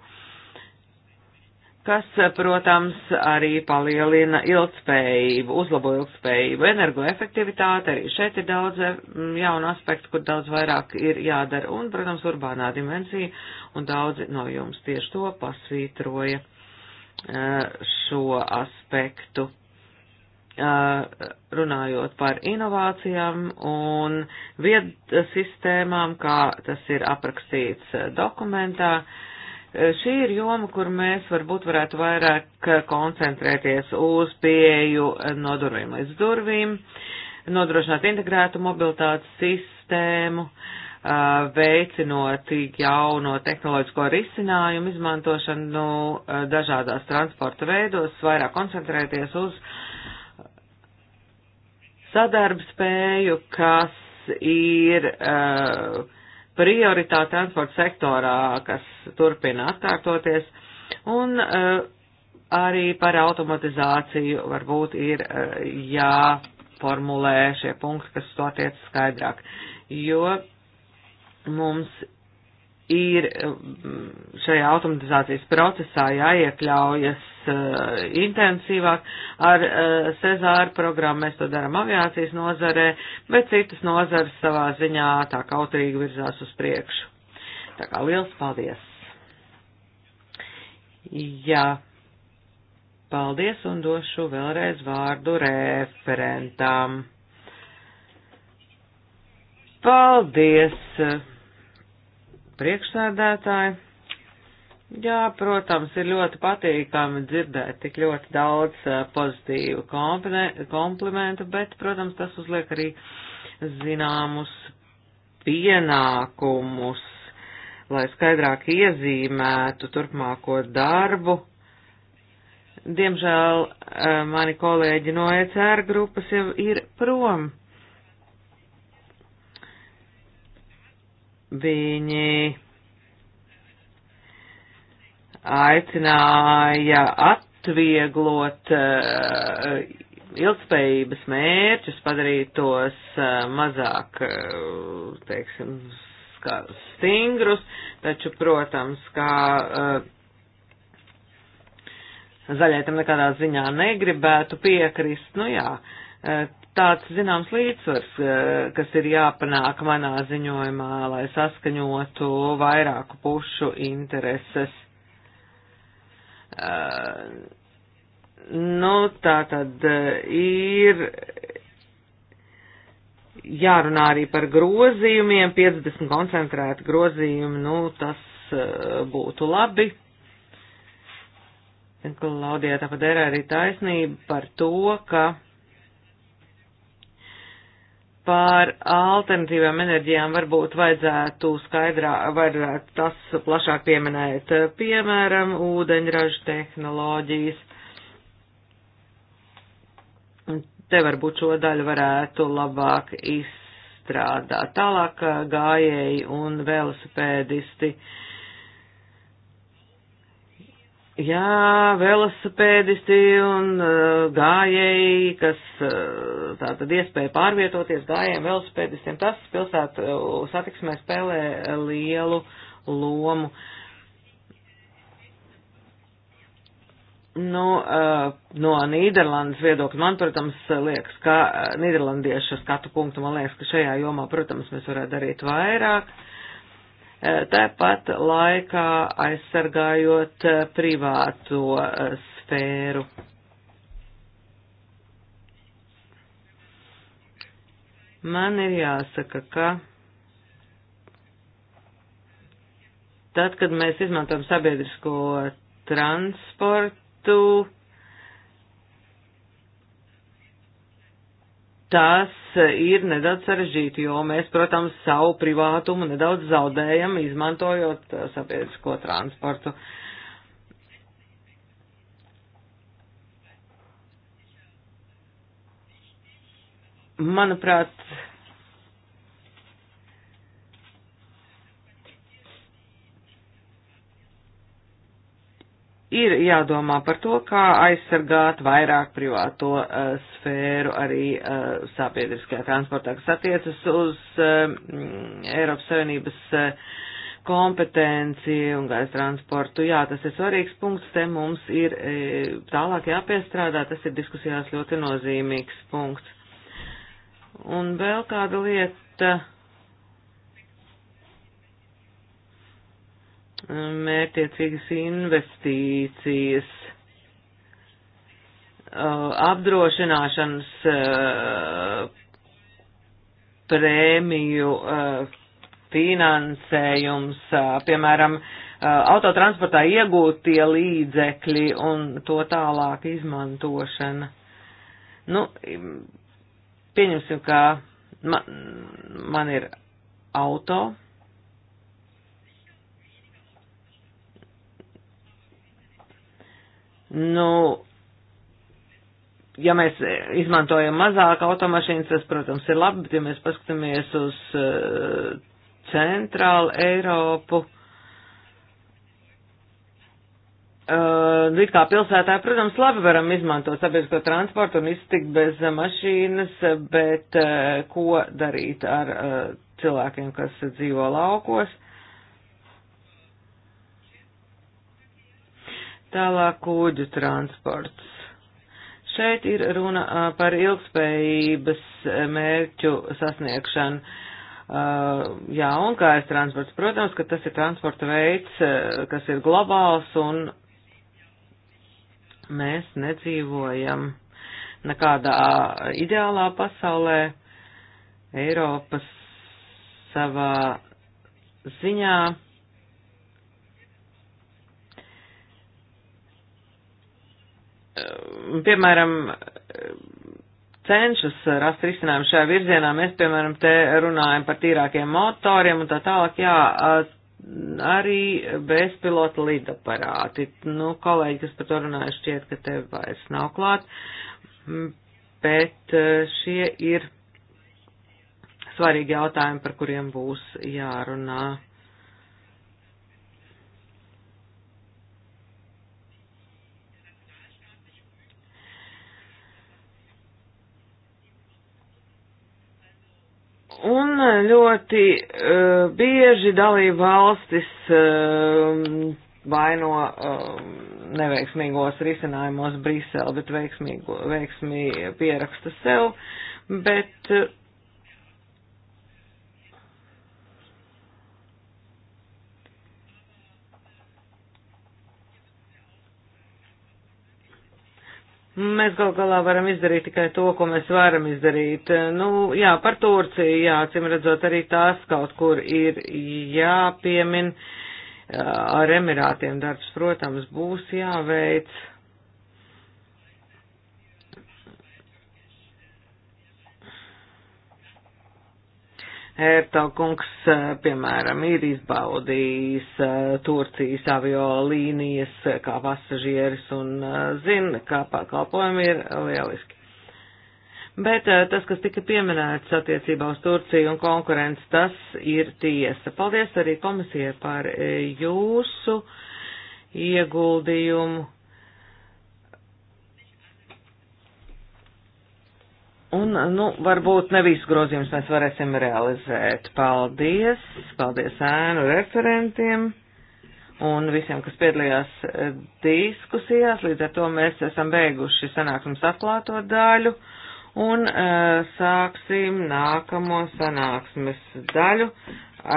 kas, protams, arī palielina ilgspējību, uzlabo ilgspējību, energoefektivitāti, arī šeit ir daudz eh, jaunu aspektu, kur daudz vairāk ir jādara, un, protams, urbānā dimensija, un daudzi no jums tieši to pasvītroja eh, šo aspektu runājot par inovācijām un viedsistēmām, kā tas ir aprakstīts dokumentā. Šī ir joma, kur mēs varbūt varētu vairāk koncentrēties uz pieeju no durvīm līdz durvīm, nodrošināt integrētu mobilitātes sistēmu, veicinot jauno tehnoloģisko risinājumu izmantošanu dažādās transporta veidos, vairāk koncentrēties uz uh, sadarbspēju, kas ir uh, prioritāte transporta sektorā, kas turpina atkārtoties, un uh, arī par automatizāciju varbūt ir uh, jāformulē šie punkti, kas to tiec skaidrāk, jo mums ir mm, šajā automatizācijas procesā jāiekļaujas uh, intensīvāk. Ar uh, Cezāru programmu mēs to darām aviācijas nozarē, bet citas nozares savā ziņā tā kautrīgi virzās uz priekšu. Tā kā liels paldies! Jā, paldies un došu vēlreiz vārdu referentam. Paldies! priekšsēdētāji. Jā, protams, ir ļoti patīkami dzirdēt tik ļoti daudz pozitīvu komplimentu, bet, protams, tas uzliek arī zināmus pienākumus, lai skaidrāk iezīmētu turpmāko darbu. Diemžēl mani kolēģi no ECR grupas jau ir prom Viņi aicināja atvieglot uh, ilgspējības mērķus, padarīt tos uh, mazāk, uh, teiksim, stingrus, taču, protams, kā zaļai tam nekādā ziņā negribētu piekrist, nu jā, tāds zināms līdzsvars, eh, kas ir jāpanāk manā ziņojumā, lai saskaņotu vairāku pušu intereses. Eh, nu, tā tad eh, ir jārunā arī par grozījumiem, 50 koncentrēti grozījumi, nu, tas būtu labi. Klaudijā tāpat ir arī taisnība par to, ka par alternatīvām enerģijām varbūt vajadzētu skaidrā, varētu tas plašāk pieminēt, piemēram, ūdeņraža tehnoloģijas. Te varbūt šo daļu varētu labāk izstrādāt. Tālāk gājēji un velosipēdisti. Uh, Jā, velosipēdisti un uh, gājēji, kas uh, eh, tā tad iespēja pārvietoties gājējiem, velosipēdistiem, tas pilsētu uh, satiksmē spēlē lielu lomu. Nu, uh, no Nīderlandes viedokļa man, protams, liekas, ka Nīderlandiešu skatu punktu, man liekas, ka šajā jomā, protams, mēs varētu darīt vairāk tāpat laikā aizsargājot privāto eh, sfēru. Man ir jāsaka, ka tad, kad mēs izmantojam sabiedrisko transportu, tas ir nedaudz sarežģīti, jo mēs, protams, savu privātumu nedaudz zaudējam, izmantojot uh, sabiedrisko transportu. Manuprāt, ir jādomā par to, kā aizsargāt vairāk privāto uh, sfēru arī uh, sabiedriskajā transportā, kas attiecas uz uh, Eiropas Savienības uh, kompetenci un gaisa transportu. Jā, tas ir svarīgs punkts, te mums ir e, tālāk jāpiestrādā, tas ir diskusijās ļoti nozīmīgs punkts. Un vēl kāda lieta mērķiecīgas investīcijas, uh, apdrošināšanas uh, prēmiju uh, finansējums, piemēram, autotransportā iegūtie līdzekļi un to tālāk izmantošana. Nu, pieņemsim, ka man, man ir auto, Nu, ja mēs izmantojam mazāk automašīnas, tas, protams, ir labi, bet ja mēs paskatāmies uz uh, centrālu Eiropu, Uh, eh, līdz kā pilsētā, protams, labi varam izmantot sabiedrisko transportu un iztikt bez eh, mašīnas, bet uh, ko darīt ar uh, cilvēkiem, kas dzīvo laukos? Tālāk kūģu transports. Šeit ir runa par ilgspējības mērķu sasniegšanu. Jā, un kājas transports, protams, ka tas ir transporta veids, kas ir globāls un mēs nedzīvojam nekādā ideālā pasaulē. Eiropas savā ziņā piemēram, cenšas rast risinājumu šajā virzienā. Mēs, piemēram, te runājam par tīrākiem motoriem un tā tālāk, jā, arī bezpilota lidaparāti. Nu, kolēģi, kas par to runāja, šķiet, ka te vairs nav klāt, mm, bet šie ir svarīgi jautājumi, par kuriem būs jārunā. Un e, ļoti uh, bieži dalība valstis uh, vaino uh, neveiksmīgos risinājumos Brisele, bet veiksmīgo, veiksmī pieraksta sev, bet uh, Mēs gal galā varam izdarīt tikai to, ko mēs varam izdarīt. Nu, jā, par Turciju, jā, cim redzot, arī tās kaut kur ir jāpiemin. Ar Emirātiem darbs, protams, būs jāveic. Ertokungs, eh, piemēram, ir izbaudījis eh, Turcijas avio līnijas eh, kā pasažieris un zina, kā pakalpojumi ir lieliski. Bet tas, kas tika pieminēts attiecībā uz Turciju un konkurenci, tas ir tiesa. Paldies arī komisijai par jūsu ieguldījumu Un, nu, varbūt ne visu grozījumus mēs varēsim realizēt. Paldies, paldies ēnu referentiem un visiem, kas piedalījās eh, diskusijās. Līdz ar to mēs esam beiguši sanāksmes atklāto daļu un uh, sāksim nākamo sanāksmes daļu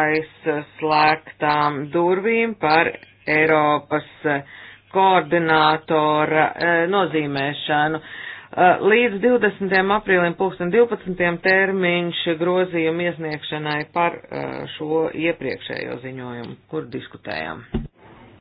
aizslēgtām durvīm par Eiropas eh, koordinātora uh, nozīmēšanu. Uh, Eh, līdz 20. aprīlim 2012. termiņš grozījuma iesniegšanai par eh, šo iepriekšējo ziņojumu, kur diskutējām.